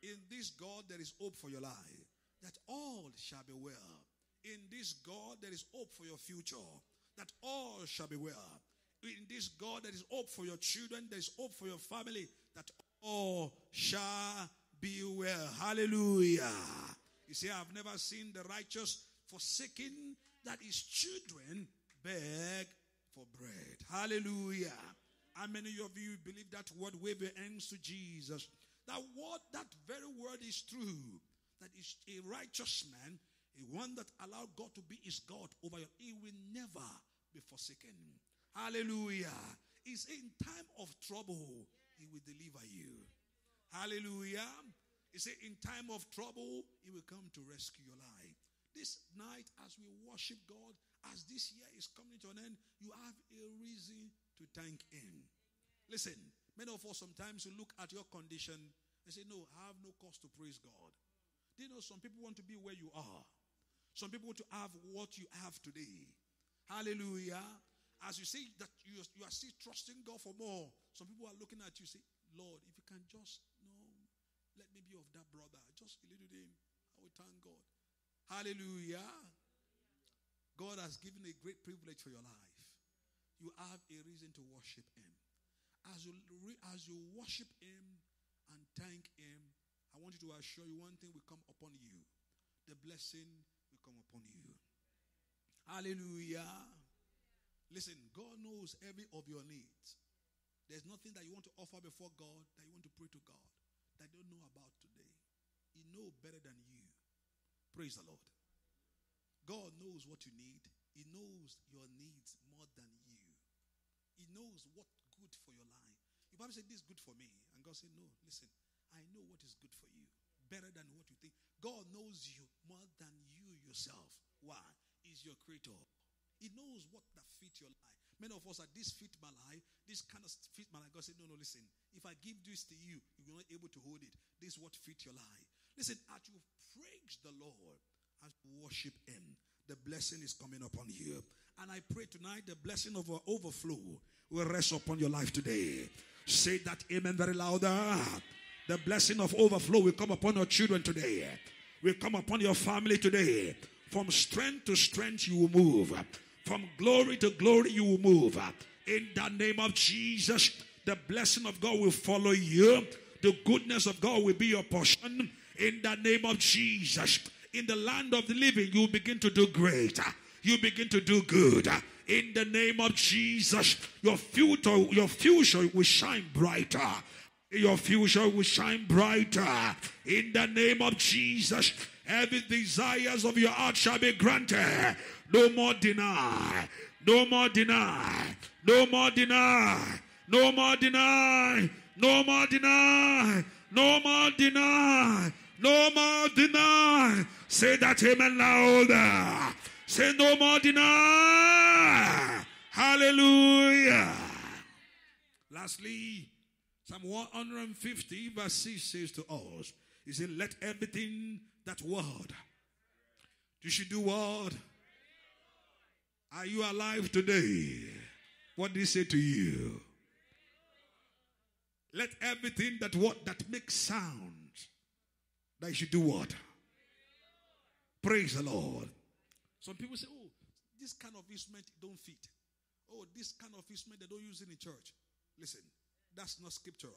In this God, there is hope for your life, that all shall be well. In this God, there is hope for your future, that all shall be well. In this God, there is hope for your children, there is hope for your family, that all shall be well. Hallelujah. You see, I've never seen the righteous forsaking that his children beg for bread. Hallelujah. How many of you believe that word wave ends to Jesus? That word, that very word is true. That is a righteous man, a one that allowed God to be his God over you. He will never be forsaken. Hallelujah. It's in time of trouble, he will deliver you. Hallelujah. He said, in time of trouble, he will come to rescue your life. This night, as we worship God, as this year is coming to an end, you have a reason to thank Him. Listen, many of us sometimes you look at your condition and say, No, I have no cause to praise God. Do you know some people want to be where you are? Some people want to have what you have today. Hallelujah. As you see that you, you are still trusting God for more, some people are looking at you say, Lord, if you can just, no, know, let me be of that brother. Just a little bit. I will thank God. Hallelujah. God has given a great privilege for your life you have a reason to worship Him. As you, as you worship Him and thank Him, I want you to assure you one thing will come upon you the blessing will come upon you. Hallelujah. Listen, God knows every of your needs. There's nothing that you want to offer before God that you want to pray to God that I don't know about today. He knows better than you. Praise the Lord. God knows what you need. He knows your needs knows what good for your life. You probably said, This is good for me. And God said, No, listen, I know what is good for you. Better than what you think. God knows you more than you yourself. Why? He's your creator. He knows what that fit your life. Many of us are ah, this fit my life, this kind of fit my life. God said, No, no, listen. If I give this to you, you're not able to hold it. This is what fit your life. Listen, as you praise the Lord, as you worship Him, the blessing is coming upon you. And I pray tonight the blessing of our overflow will rest upon your life today. Say that amen very louder. The blessing of overflow will come upon your children today, will come upon your family today. From strength to strength, you will move. From glory to glory, you will move. In the name of Jesus, the blessing of God will follow you. The goodness of God will be your portion. In the name of Jesus, in the land of the living, you will begin to do greater you begin to do good. In the name of Jesus, your future, your future will shine brighter. Your future will shine brighter. In the name of Jesus, every desires of your heart shall be granted. No more deny. No more deny. No more deny. No more deny. No more deny. No more deny. No more deny. Say that amen louder. Say no more denial. Hallelujah. Lastly, Psalm 150, verse 6 says to us, He said, Let everything that word. You should do what? Are you alive today? What did he say to you? Let everything that what that makes sound that you should do what? Praise the Lord. Some people say, oh, this kind of instrument don't fit. Oh, this kind of instrument they don't use in the church. Listen, that's not scriptural.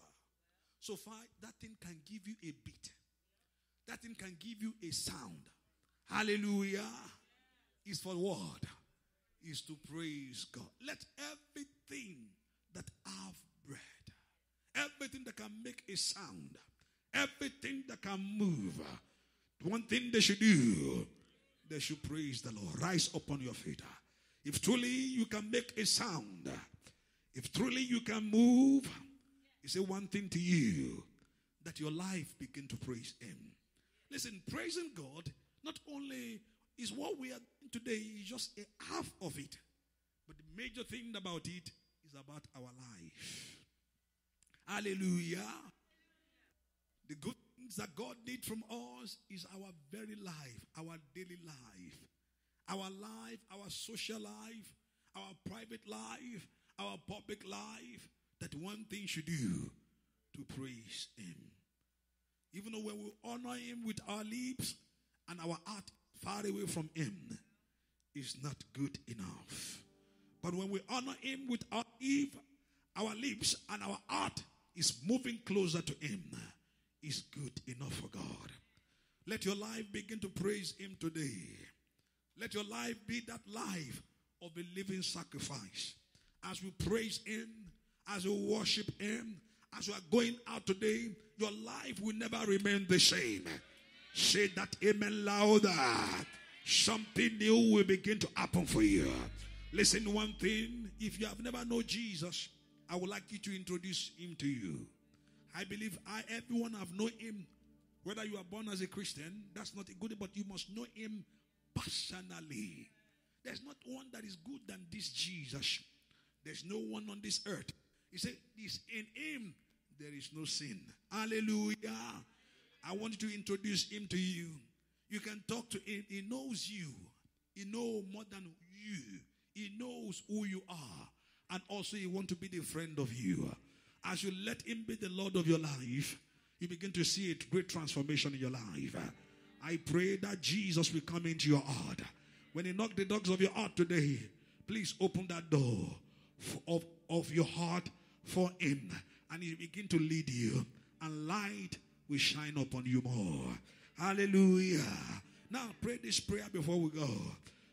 So far, that thing can give you a beat. That thing can give you a sound. Hallelujah. Is for what? Is to praise God. Let everything that have bread, everything that can make a sound, everything that can move, one thing they should do they should praise the Lord. Rise upon your feet. If truly you can make a sound, if truly you can move, he said one thing to you that your life begin to praise him. Listen, praising God not only is what we are doing today, is just a half of it. But the major thing about it is about our life. Hallelujah. The good things that God needs from us is our very life, our daily life, our life, our social life, our private life, our public life. That one thing should do to praise Him. Even though when we honor Him with our lips and our heart far away from Him is not good enough. But when we honor Him with our, Eve, our lips and our heart is moving closer to Him is good enough for God. Let your life begin to praise Him today. Let your life be that life of a living sacrifice. As we praise Him, as we worship Him, as you are going out today, your life will never remain the same. Say that amen louder. Something new will begin to happen for you. Listen, one thing if you have never known Jesus, I would like you to introduce Him to you. I believe I, everyone have known him. Whether you are born as a Christian, that's not good, but you must know him personally. There's not one that is good than this Jesus. There's no one on this earth. He said, in him there is no sin. Hallelujah. I want to introduce him to you. You can talk to him. He knows you. He knows more than you. He knows who you are. And also he want to be the friend of you. As you let Him be the Lord of your life, you begin to see a great transformation in your life. I pray that Jesus will come into your heart. When He knocked the dogs of your heart today, please open that door of, of your heart for Him. And He begin to lead you. And light will shine upon you more. Hallelujah. Now pray this prayer before we go.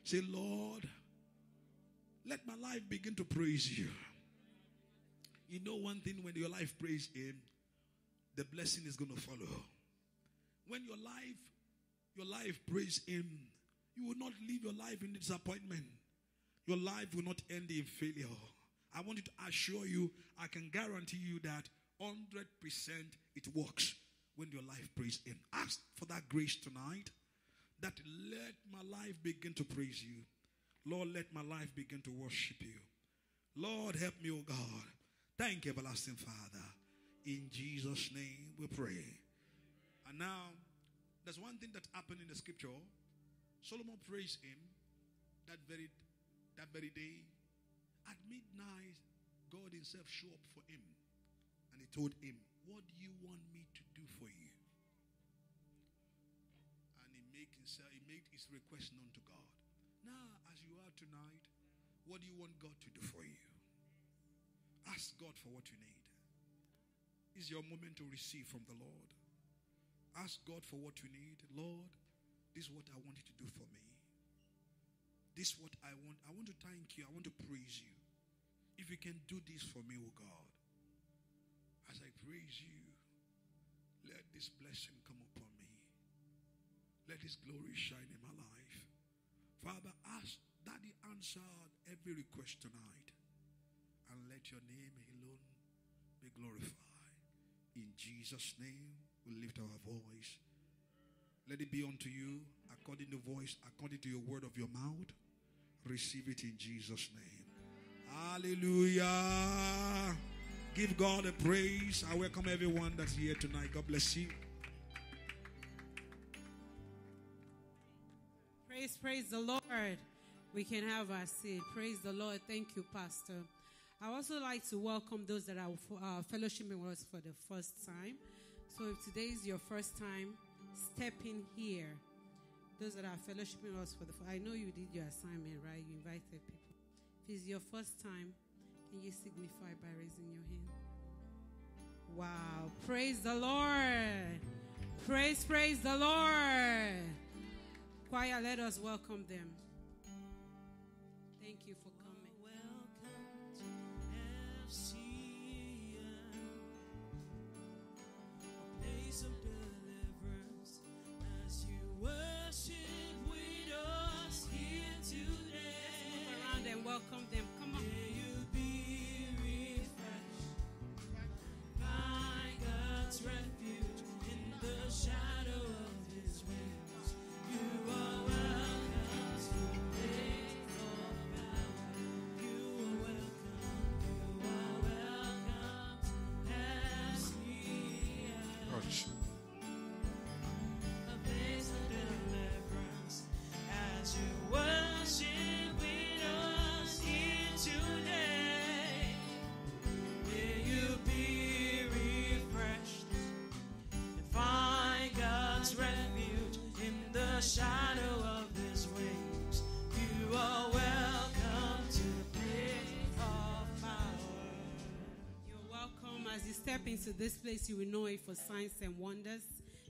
Say, Lord, let my life begin to praise you. You know one thing when your life praise Him, the blessing is going to follow. When your life, your life praise Him, you will not live your life in disappointment. Your life will not end in failure. I want to assure you, I can guarantee you that 100% it works when your life praise Him. Ask for that grace tonight that let my life begin to praise you. Lord, let my life begin to worship you. Lord, help me, O oh God. Thank you, everlasting Father. In Jesus' name we pray. And now, there's one thing that happened in the scripture. Solomon praised him that very, that very day. At midnight, God himself showed up for him. And he told him, What do you want me to do for you? And he made, himself, he made his request known to God. Now, as you are tonight, what do you want God to do for you? Ask God for what you need. Is your moment to receive from the Lord. Ask God for what you need. Lord, this is what I want you to do for me. This is what I want. I want to thank you. I want to praise you. If you can do this for me, oh God, as I praise you, let this blessing come upon me. Let his glory shine in my life. Father, ask He answered every request tonight and let your name alone be glorified. In Jesus' name, we lift our voice. Let it be unto you according to voice, according to your word of your mouth. Receive it in Jesus' name. Hallelujah. Give God a praise. I welcome everyone that's here tonight. God bless you. Praise, praise the Lord. We can have our seat. Praise the Lord. Thank you, Pastor. I also like to welcome those that are uh, fellowshipping with us for the first time. So if today is your first time, stepping here. Those that are fellowshipping with us for the I know you did your assignment, right? You invited people. If it's your first time, can you signify by raising your hand? Wow. Praise the Lord. Praise, praise the Lord. Choir, let us welcome them. Come in shadow of his wings, you are welcome to this of You're welcome. As you step into this place, you will know it for signs and wonders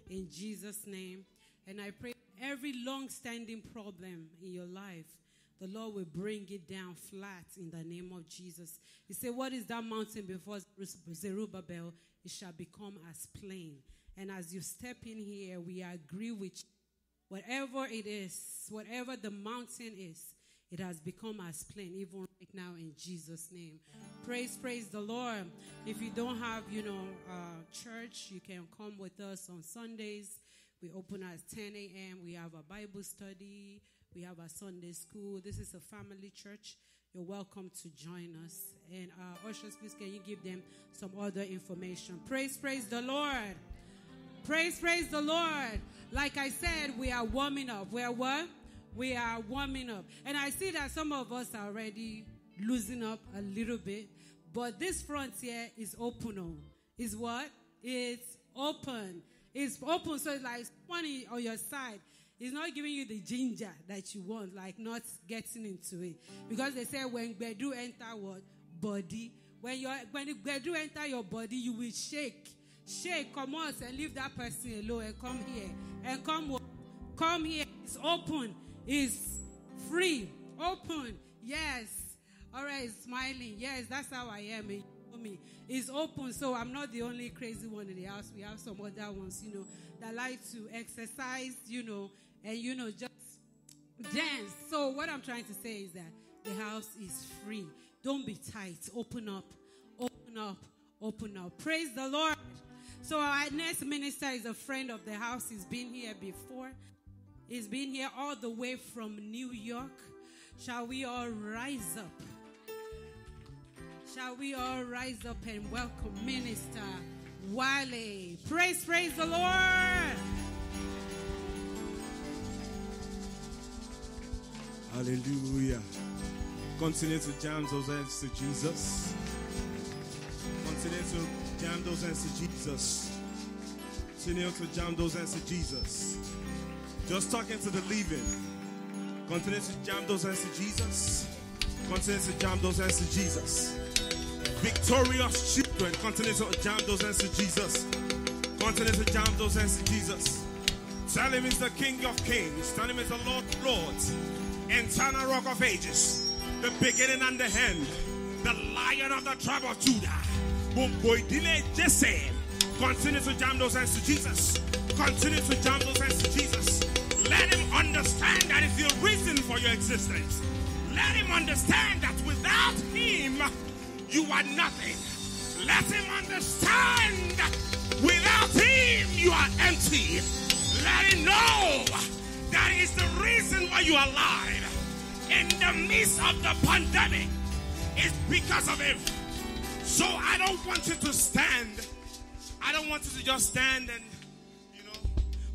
in Jesus' name. And I pray every long standing problem in your life. The Lord will bring it down flat in the name of Jesus. He said, What is that mountain before Zerubbabel? It shall become as plain. And as you step in here, we agree with Whatever it is, whatever the mountain is, it has become as plain, even right now in Jesus' name. Praise, praise the Lord. If you don't have, you know, uh, church, you can come with us on Sundays. We open at 10 a.m. We have a Bible study. We have a Sunday school. This is a family church. You're welcome to join us. And uh, ushers, please can you give them some other information? Praise, praise the Lord. Praise, praise the Lord. Like I said, we are warming up. We are what? We are warming up. And I see that some of us are already loosening up a little bit. But this frontier is open. Oh. Is what? It's open. It's open. So it's like money on your side is not giving you the ginger that you want, like not getting into it. Because they say when Gbedu enter what? Body. When your when the Gbedu enter your body, you will shake Shay, come on, and leave that person alone and come here. And come, come here. It's open. It's free. Open. Yes. All right, smiling. Yes, that's how I am. You know me. It's open, so I'm not the only crazy one in the house. We have some other ones, you know, that like to exercise, you know, and you know, just dance. So what I'm trying to say is that the house is free. Don't be tight. Open up. Open up. Open up. Praise the Lord. So our next minister is a friend of the house. He's been here before. He's been here all the way from New York. Shall we all rise up? Shall we all rise up and welcome Minister Wiley? Praise, praise the Lord. Hallelujah. Continue to jam those hands to Jesus. Continue to Jam those hands to Jesus. Senior to jam those hands to Jesus. Just talking to the living. Continue to jam those hands to Jesus. Continue to jam those hands to Jesus. Victorious children, continue to jam those hands to Jesus. Continue to jam those hands to Jesus. Tell him he's the King of Kings. Tell him he's the Lord of Lords. Eternal Rock of Ages. The beginning and the end. The Lion of the tribe of Judah gbogbo ìdílé Jésè continue to jam those hands to Jesus continue to jam those hands to Jesus let him understand that is the reason for your existence let him understand that without him you are nothing let him understand without him you are empty let him know that is the reason why you are alive in the midst of the pandemic it's because of him so I don't want you to stand. I don't want you to just stand and, you know,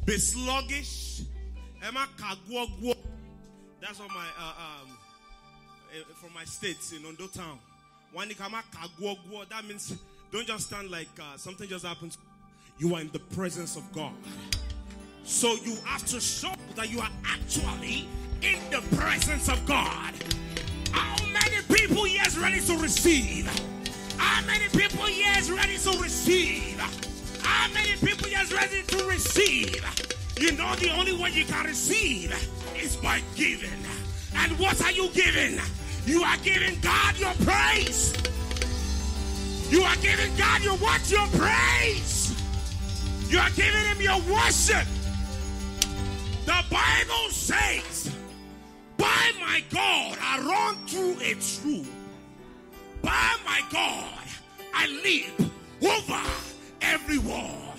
be sluggish. That's what my, uh, um, eh, from my states in Ondo town. That means don't just stand like uh, something just happens. You are in the presence of God. So you have to show that you are actually in the presence of God. How many people here is ready to receive? How many people here is ready to receive? How many people here is ready to receive? You know the only way you can receive is by giving. And what are you giving? You are giving God your praise. You are giving God your what? Your praise. You are giving him your worship. The Bible says, by my God, I run through a true." By oh my God, I leap over every wall.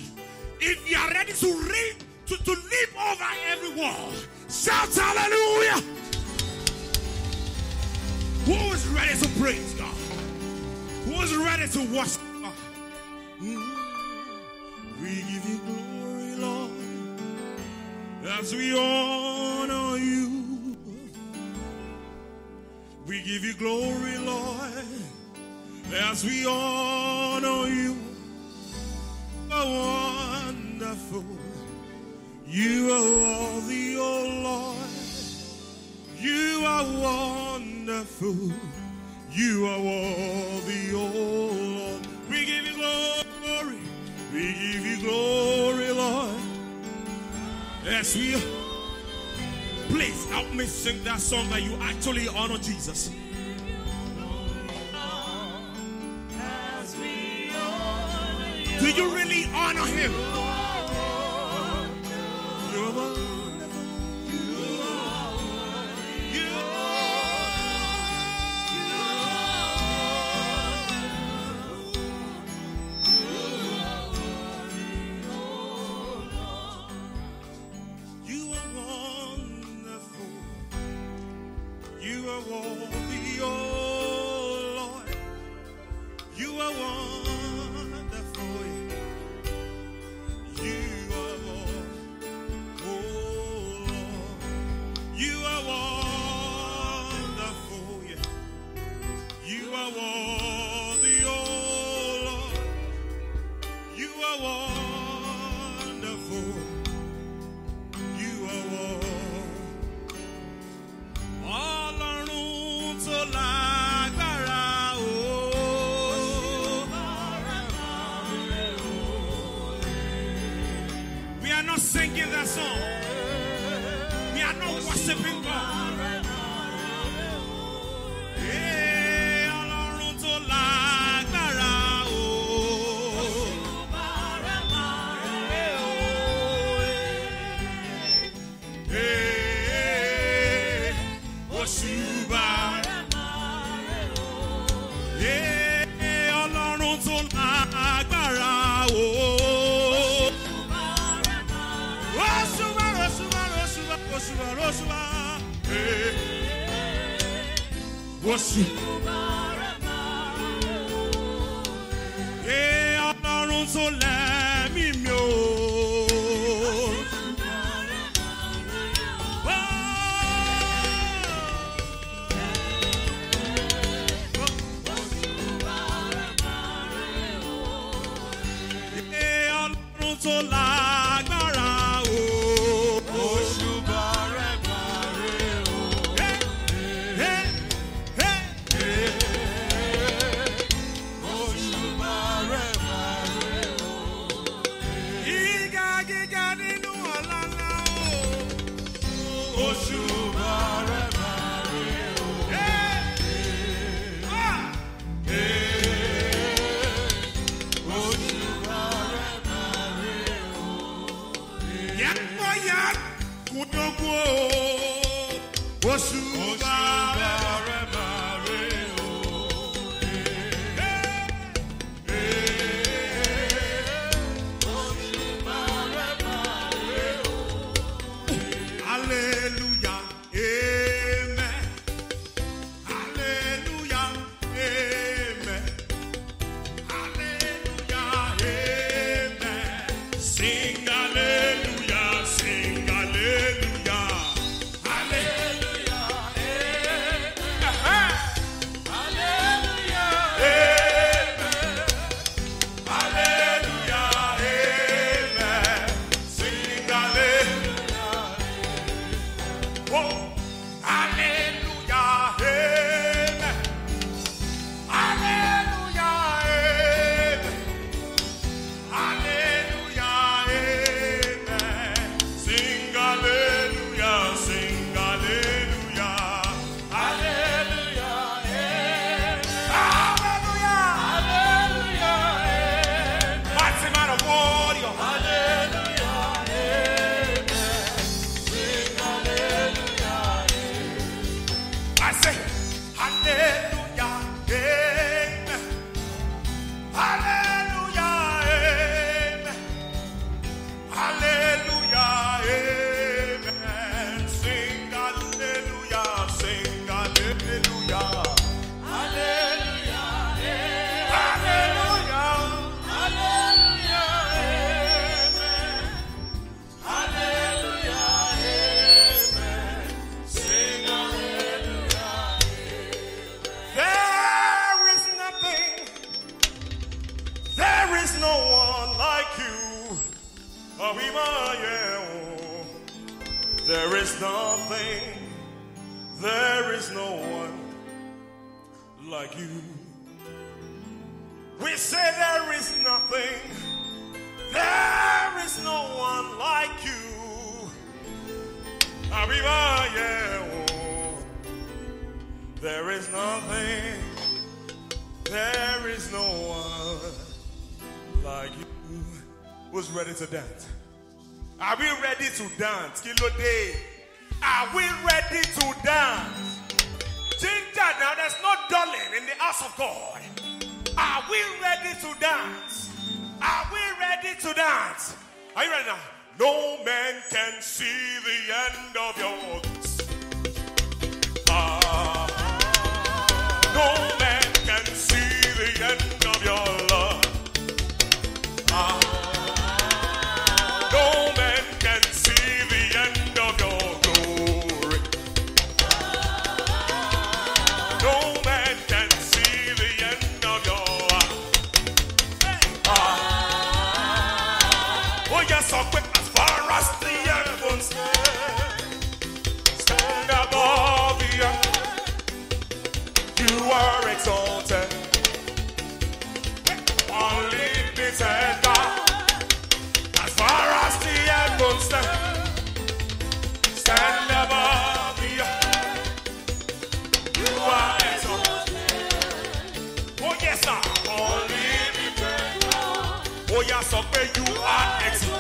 If you are ready to leap, to, to leap over every wall, shout hallelujah. Who is ready to praise God? Who is ready to worship God? Mm-hmm. We give you glory, Lord, as we honor you. We give you glory, Lord, as we honor you. Oh, wonderful. You are worthy, oh Lord. You are wonderful. You are worthy, oh Lord. We give you glory. We give you glory, Lord. As we Please help me sing that song that you actually honor Jesus. Do you really honor him? like you. Arriba, yeah. Oh. There is nothing, there is no one like you. Who's ready to dance? Are we ready to dance? Kilo Day. Are we ready to dance? Ginger, now there's no darling in the house of God. Are we ready to dance? Are we ready to dance? Are you ready now? No man can see the end of your works. Ah, no pé you are expert.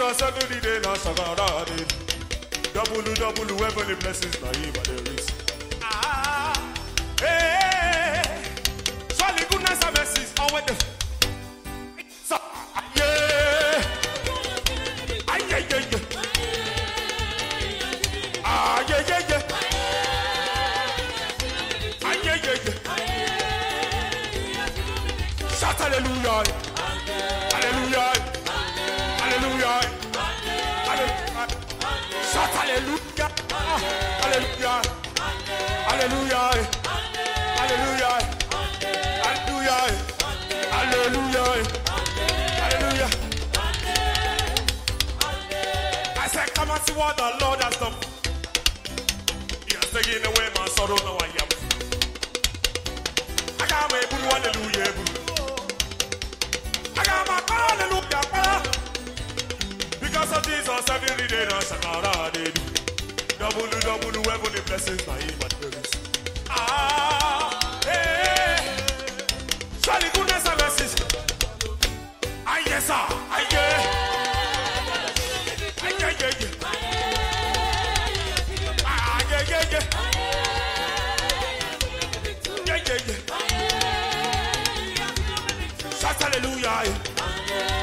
Jesus every day now surrounded. Double, double, heavenly blessings, now Hallelujah.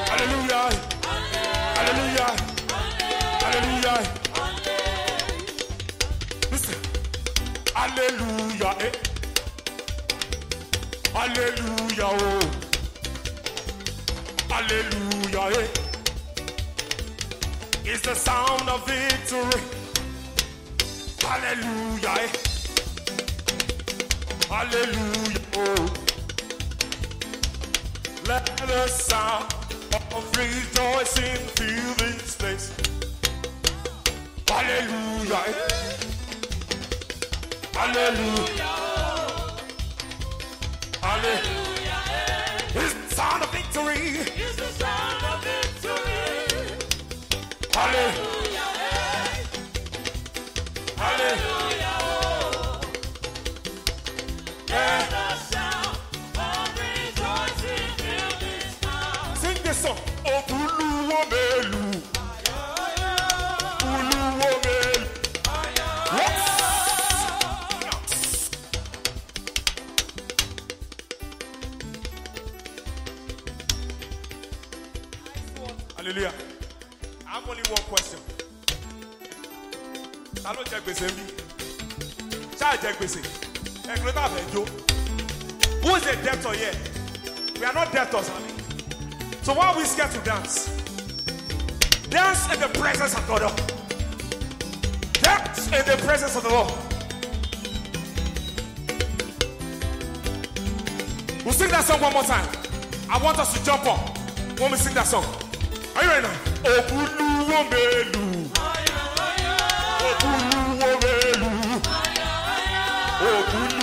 Hallelujah. Hallelujah. Hallelujah. Listen. Hallelujah. Eh. Hallelujah. Oh. Hallelujah. Eh. It's the sound of victory. Hallelujah. Eh. Hallelujah. Oh. Let the sound of rejoicing fill this place. Hallelujah. Eh. Hallelujah. Hallelujah. Hallelujah victory. who is a debtor here we are not debtors honey so why are we scared to dance dance in the presence of God dance in the presence of the Lord we will sing that song one more time I want us to jump up when we sing that song are you ready now. ògùn Ogún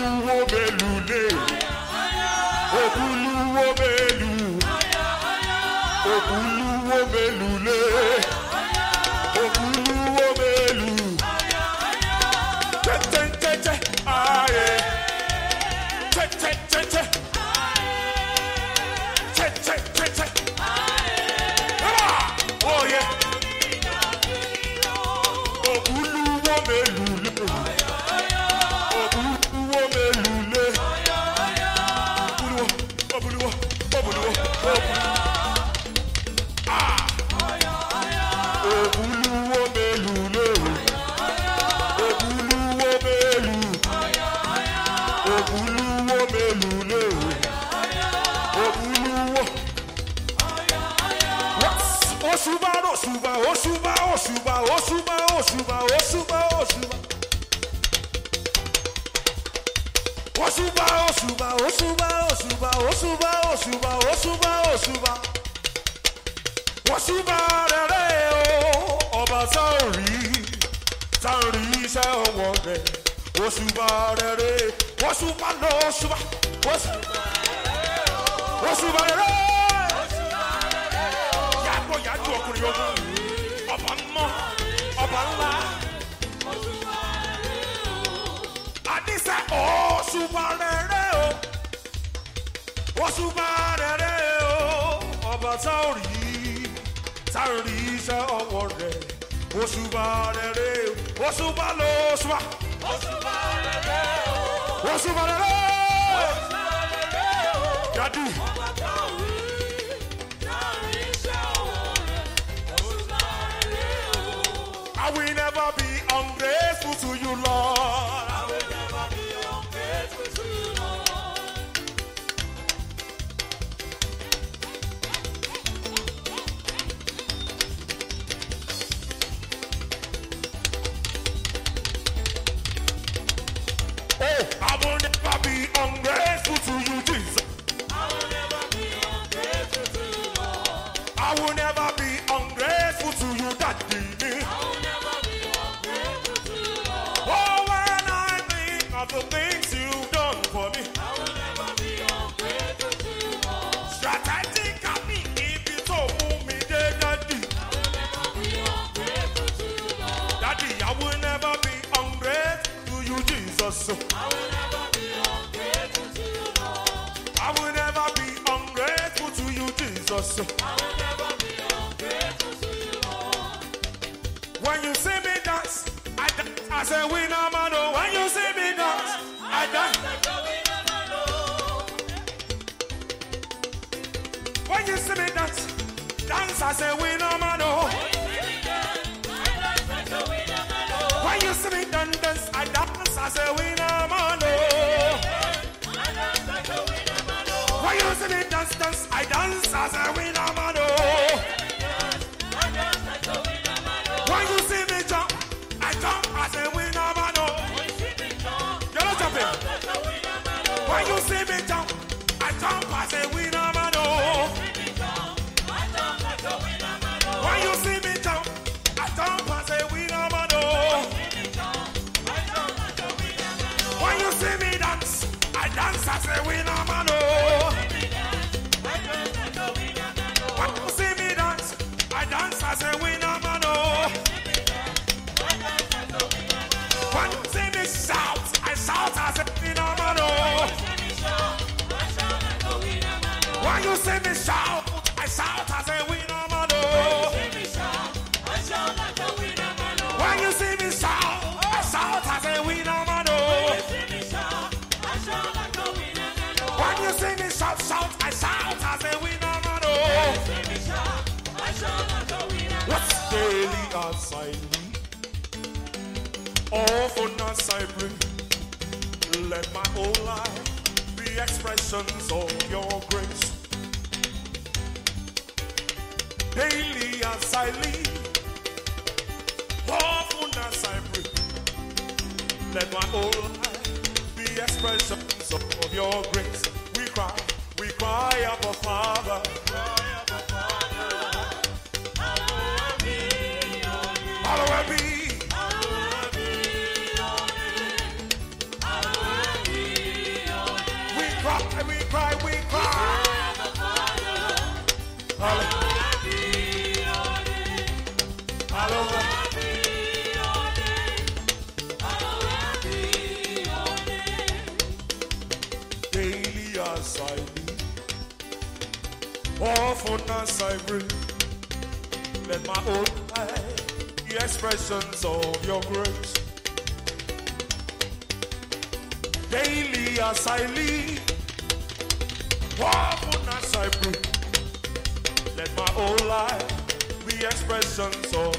When you see me dance, oh. dance I say we no man oh. When you see me dance, dance I dance I say we no man oh. When you see me dance, dance I dance I say we no man oh. that we Oh, for us I pray. Let my whole life be expressions of your grace. Daily as I live, hopefulness I pray. Let my whole life be expressions of your grace. my room. Let my own life be expressions of your grace. Daily as I live, often as I breathe, let my own life be expressions of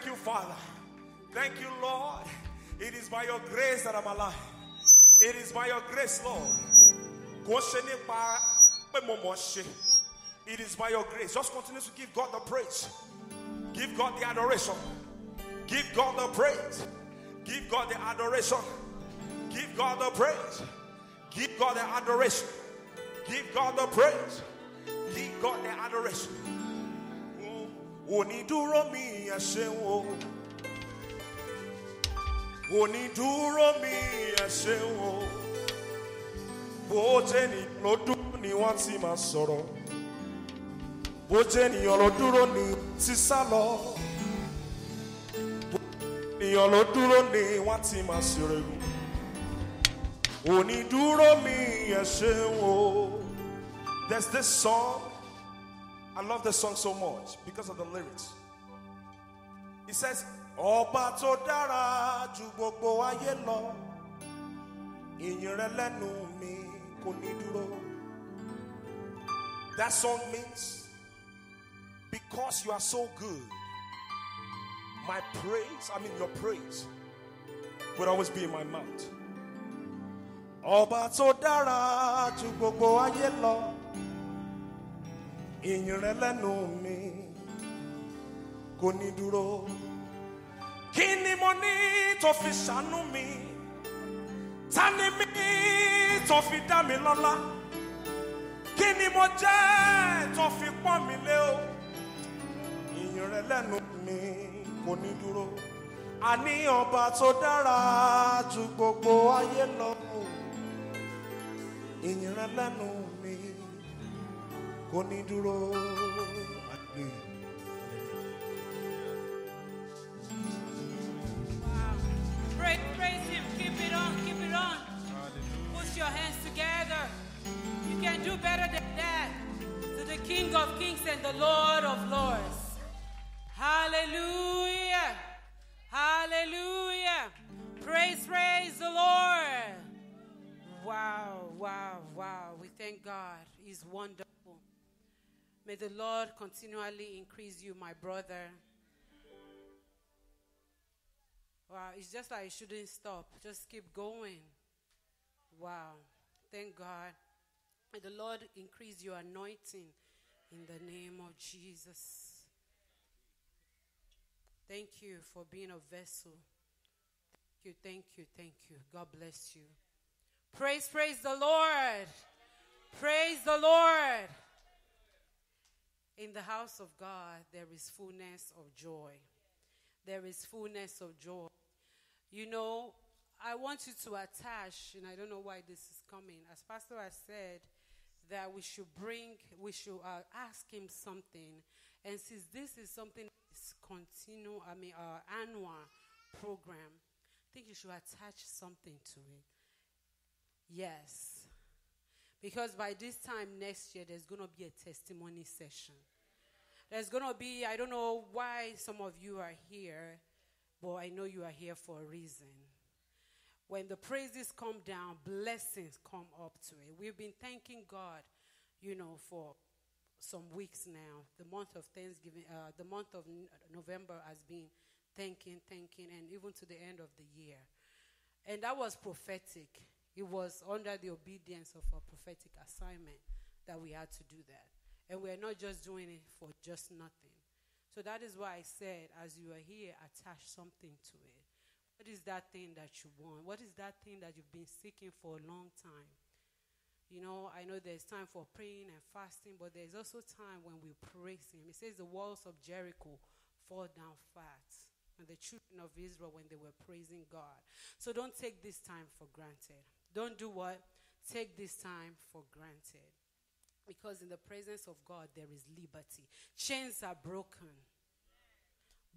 Thank you, Father. Thank you, Lord. It is by your grace that I'm alive. It is by your grace, Lord. It is by your grace. Just continue to give God the praise. Give God the adoration. Give God the praise. Give God the adoration. Give God the praise. Give God the adoration. Give God the praise. onídúró mi ẹ ṣeun o onídúró mi ẹ ṣeun o bó jẹ́ ni ló ni wọ́n ti máa sọ̀rọ̀ bó jẹ́ ènìyàn ló ni ti sá lọ bó ènìyàn ló dúró ni wọ́n ti máa ṣèrègùn onídúró mi ẹ ṣeun o there's this song. I love this song so much because of the lyrics. It says, Ọba tó dára ju gbogbo ayé lọ, lẹ́nu mi kò ní dúró. That song means, because you are so good, my praise, I mean your praise, would always be in my mouth. Ọba tó dára ju gbogbo ayé lọ. ìyìn rẹ lẹ́nu mi kò ní dúró kí ni mo ní tó fi ṣàánú mi ta ni mí tó fi dá mi lọ́lá kí ni mo jẹ́ tó fi pọ́n mi lé o ìyìn rẹ lẹ́nu mi kò ní dúró àní ọba tó dára ju gbogbo ayé lọ ìyìn rẹ lẹ́nu mi. kò dúró àgbè. Praise, praise him. Keep it on, keep it on. Put your hands together. You can do better than that. To the King of Kings and the Lord of Lords. Hallelujah. Hallelujah. Praise, praise the Lord. Wow, wow, wow. We thank God. He's wonderful. May the Lord continually increase you, my brother. Wow, it's just like you shouldn't stop. Just keep going. Wow. Thank God. May the Lord increase your anointing in the name of Jesus. Thank you for being a vessel. Thank you, thank you, thank you. God bless you. Praise, praise the Lord. Praise the Lord. In the house of God, there is fullness of joy. There is fullness of joy. You know, I want you to attach, and I don't know why this is coming. As Pastor has said, that we should bring, we should uh, ask him something. And since this is something that's continual, I mean, our uh, annual program, I think you should attach something to it. Yes. Because by this time next year, there's going to be a testimony session. There's going to be, I don't know why some of you are here, but I know you are here for a reason. When the praises come down, blessings come up to it. We've been thanking God, you know, for some weeks now. The month of Thanksgiving, uh, the month of November has been thanking, thanking, and even to the end of the year. And that was prophetic it was under the obedience of our prophetic assignment that we had to do that. And we're not just doing it for just nothing. So that is why I said, as you are here, attach something to it. What is that thing that you want? What is that thing that you've been seeking for a long time? You know, I know there's time for praying and fasting, but there's also time when we praise Him. It says the walls of Jericho fall down flat. And the children of Israel, when they were praising God. So don't take this time for granted. Don't do what? Take this time for granted. Because in the presence of God, there is liberty. Chains are broken,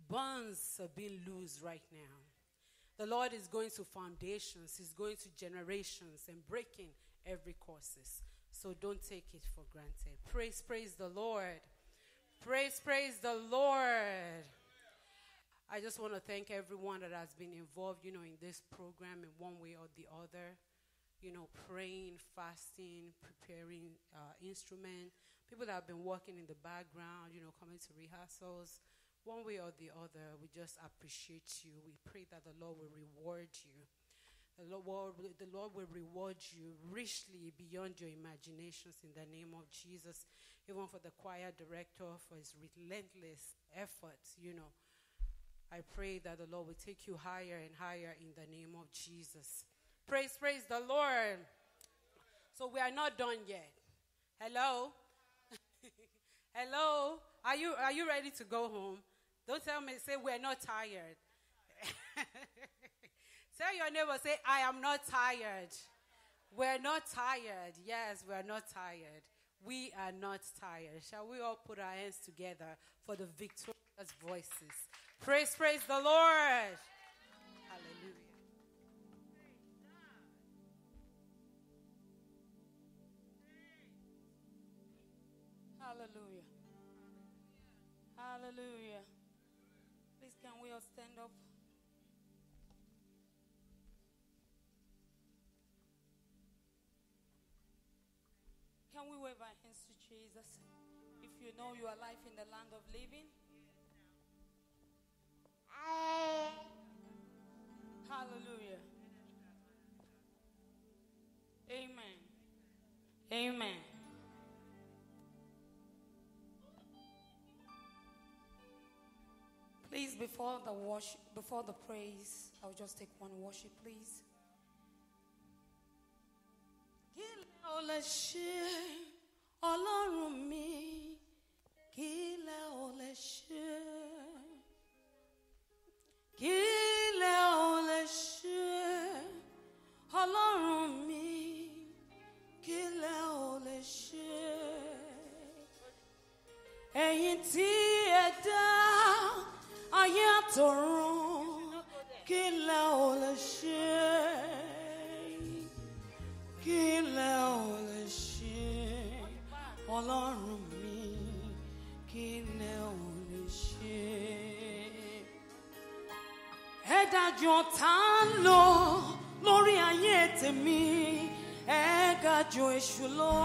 bonds are being loosed right now. The Lord is going to foundations, He's going to generations and breaking every courses. So don't take it for granted. Praise, praise the Lord. Praise, praise the Lord. I just want to thank everyone that has been involved, you know, in this program in one way or the other you know, praying, fasting, preparing uh, instrument. People that have been working in the background, you know, coming to rehearsals. One way or the other, we just appreciate you. We pray that the Lord will reward you. The Lord, the Lord will reward you richly beyond your imaginations in the name of Jesus. Even for the choir director for his relentless efforts, you know. I pray that the Lord will take you higher and higher in the name of Jesus. Praise, praise the Lord. So we are not done yet. Hello? Hello? Are you, are you ready to go home? Don't tell me, say, we're not tired. tell your neighbor, say, I am not tired. We're not tired. Yes, we're not tired. We are not tired. Shall we all put our hands together for the victorious voices? Praise, praise the Lord. Hallelujah. Please, can we all stand up? Can we wave our hands to Jesus? If you know you are alive in the land of living. Hallelujah. Amen. Amen. Please, before the worship, before the praise, I'll just take one worship, please. Kí lẹ ò lè ṣe Ọlọ́run mi? Kí lẹ ò lè ṣe? Kí Ọlọ́run mi? Kí lẹ ò Ẹ̀yin tí ẹ ayé àtọ̀run kí lẹ ò lè ṣe kí lẹ ò lè ṣe ọlọ́run mi kí lẹ ò lè ṣe. ẹ dájú ń lọ lórí ayé tèmi ẹ gájú èṣù lọ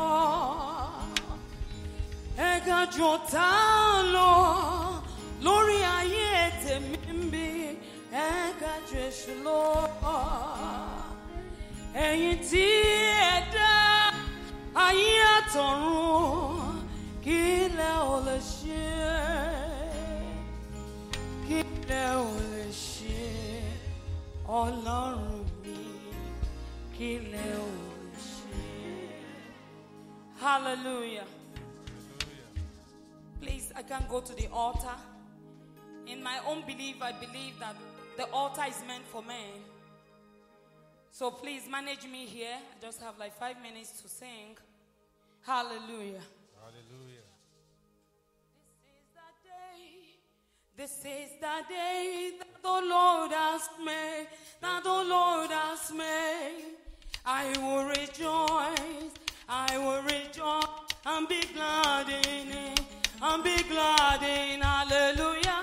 ẹ gájú ń lọ lórí ayé. tèmi ẹ ká ju i lọ ẹ̀yin tí ẹ dá ayé àtọ̀run kí lẹ ò lè ṣe kí lẹ ò lè ṣe ọlọ́run mi kí lẹ ò lè ṣe hallelujah please i can go to the altar. In my own belief, I believe that the altar is meant for men. So please manage me here. I just have like five minutes to sing. Hallelujah. Hallelujah. This is the day that the Lord has made, that the Lord has made. I will rejoice, I will rejoice, and be glad in it, and be glad in hallelujah.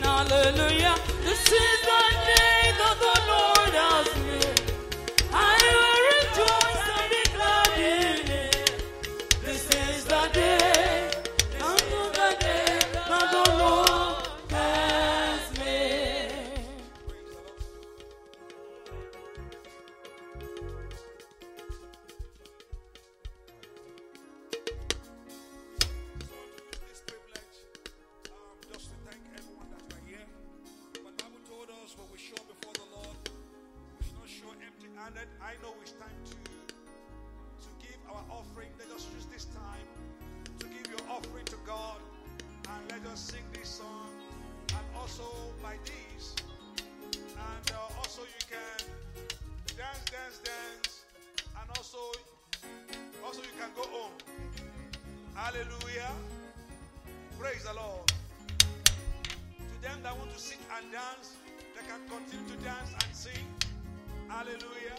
hallelujah. This is the day that the Lord has made. can dance, they can continue to dance and sing. Hallelujah.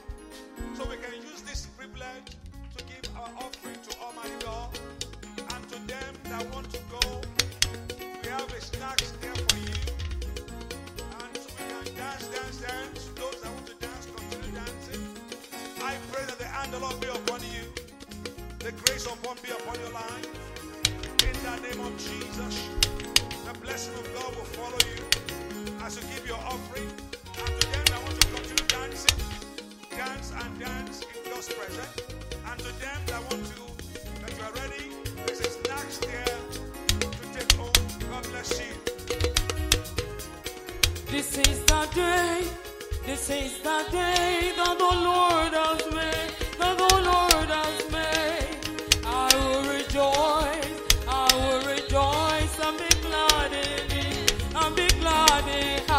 So we can use this privilege to give our offering to Almighty God and to them that want to go. We have a snack there for you. And so we can dance, dance, dance. Those that want to dance, continue dancing. I pray that the hand of the Lord be upon you. The grace of God be upon your life. In the name of Jesus, the blessing of God will follow you as you give your offering. And to them I want to continue dancing. Dance and dance in God's presence. And to them I want to, that you are ready, This is next there to take home. God bless you. This is the day, this is the day that the Lord has made, that the Lord has made.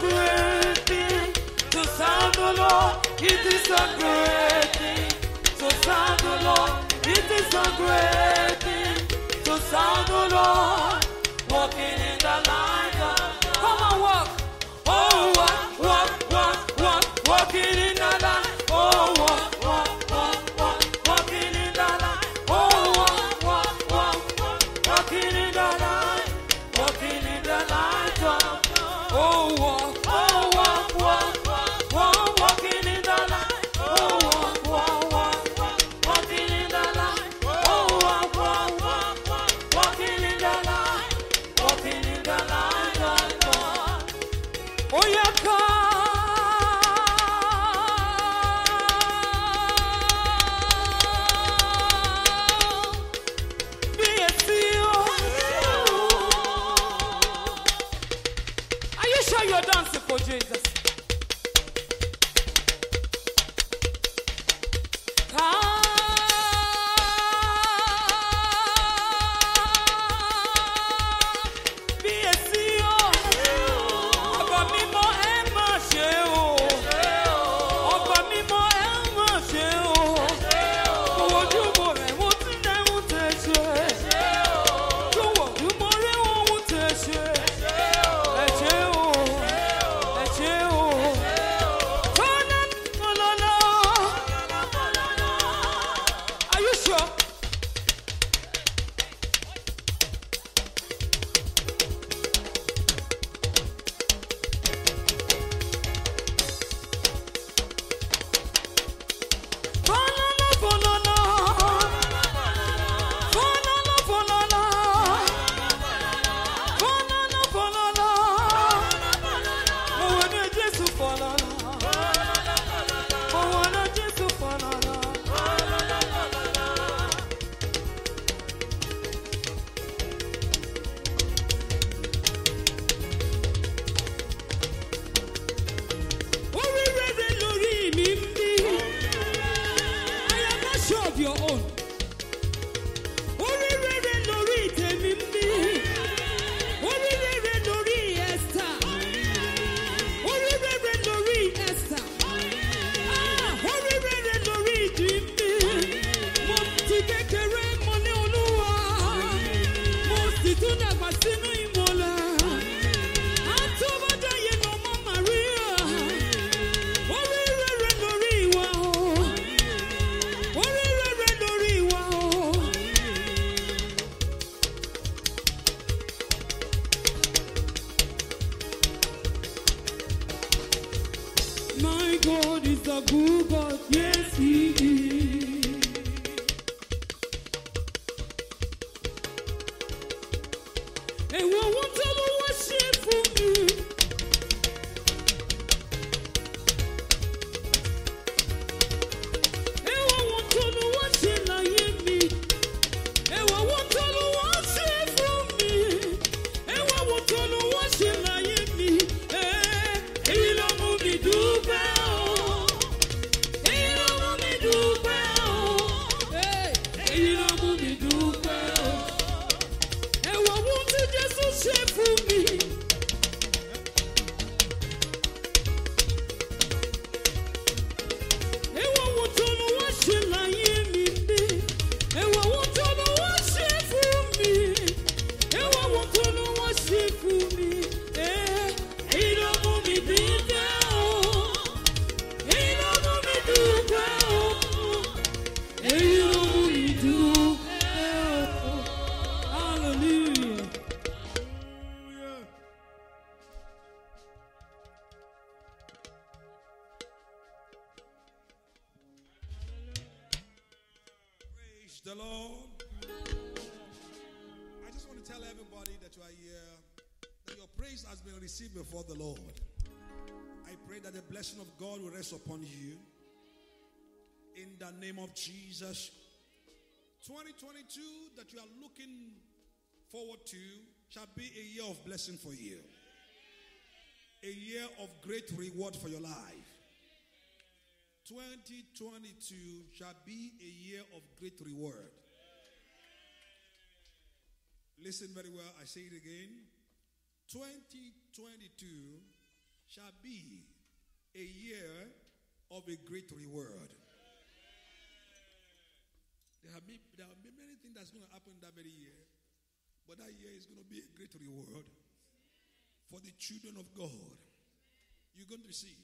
great thing to serve the Lord. It is a great thing to serve the Lord. It is a great thing to serve the Lord. Walking in the light of God. Come on, walk. Oh, walk, walk, walk, walk, walking in upon you. In the name of Jesus. 2022 that you are looking forward to shall be a year of blessing for you, a year of great reward for your life. 2022 shall be a year of great reward. Listen very well, I say it again. 2022 shall be a year of a great reward. There have been, there have been many things that's going to happen that very year, but that year is going to be a great reward for the children of God. You're going to see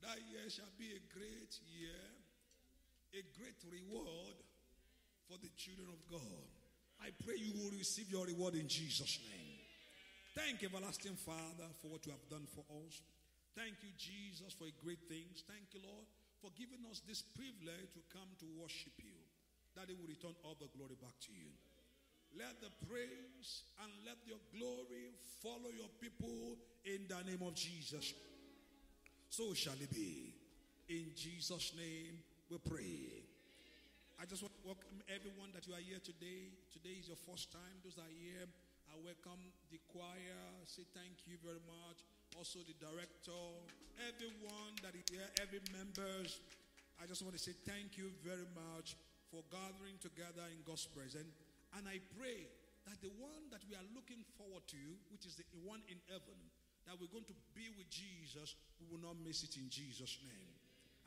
that year shall be a great year, a great reward for the children of God. I pray you will receive your reward in Jesus' name. Thank everlasting Father for what you have done for us. Thank you, Jesus, for great things. Thank you, Lord, for giving us this privilege to come to worship you. That it will return all the glory back to you. Let the praise and let your glory follow your people in the name of Jesus. So shall it be. In Jesus' name we pray. I just want to welcome everyone that you are here today. Today is your first time. Those are here, I welcome the choir. Say thank you very much also the director, everyone that is here, every members. I just want to say thank you very much for gathering together in God's presence. And I pray that the one that we are looking forward to, which is the one in heaven, that we're going to be with Jesus, we will not miss it in Jesus' name.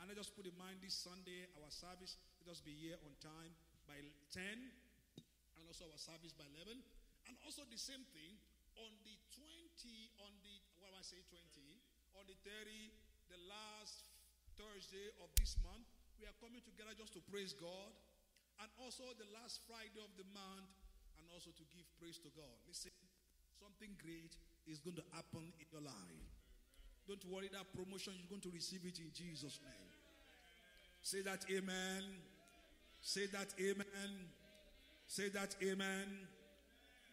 And I just put in mind this Sunday, our service, let us be here on time by 10, and also our service by 11. And also the same thing on the say 20, on the 30, the last Thursday of this month, we are coming together just to praise God. And also the last Friday of the month, and also to give praise to God. Listen, something great is going to happen in your life. Don't worry, that promotion, you're going to receive it in Jesus' name. Say that, Amen. Say that, Amen. Say that, Amen.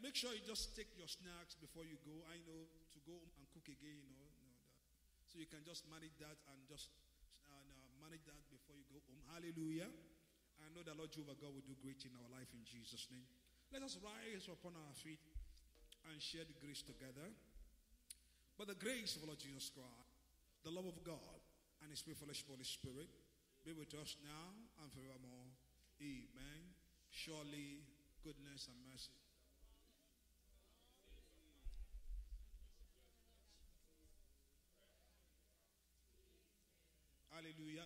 Make sure you just take your snacks before you go. I know to go cook again, you know. You know so you can just manage that and just uh, manage that before you go home. Hallelujah. I know the Lord Jehovah God will do great in our life in Jesus' name. Let us rise upon our feet and share the grace together. But the grace of Lord Jesus Christ, the love of God, and His spirit Holy Spirit be with us now and forevermore. Amen. Surely goodness and mercy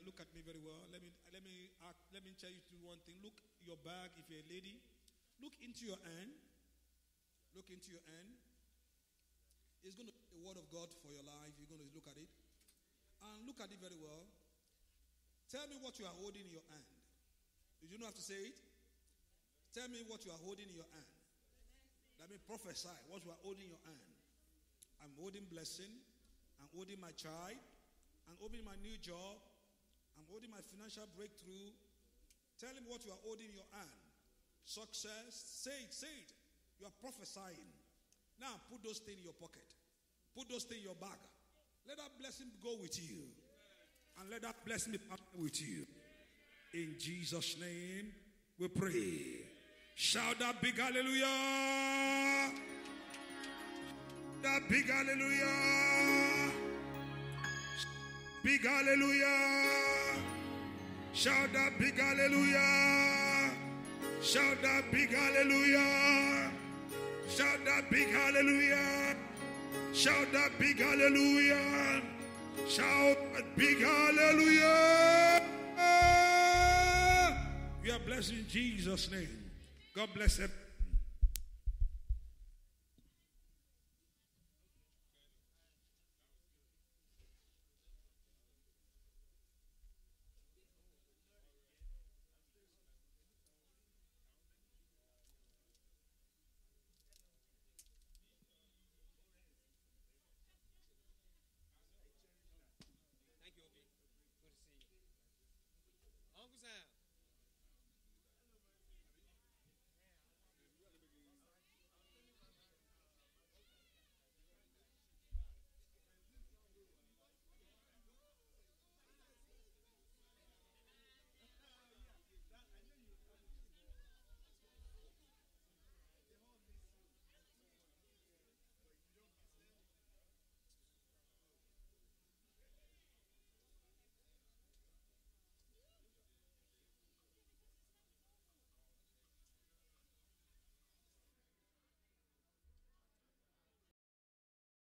look at me very well. Let me, let me, act, let me tell you to one thing. Look your bag if you're a lady. Look into your hand. Look into your hand. It's going to be the word of God for your life. You're going to look at it. And look at it very well. Tell me what you are holding in your hand. You do not have to say it. Tell me what you are holding in your hand. Let me prophesy what you are holding in your hand. I'm holding blessing. I'm holding my child. I'm holding my new job. I'm holding my financial breakthrough. Tell him what you are holding your hand. Success. Say it, say it. You are prophesying. Now put those things in your pocket. Put those things in your bag. Let that blessing go with you. And let that blessing be partner with you. In Jesus' name, we pray. Shout that big hallelujah. That big hallelujah. Big hallelujah. Shout that big hallelujah. Shout that big hallelujah. Shout that big hallelujah. Shout that big hallelujah. Shout that big hallelujah. We are blessed in Jesus' name. God bless everyone.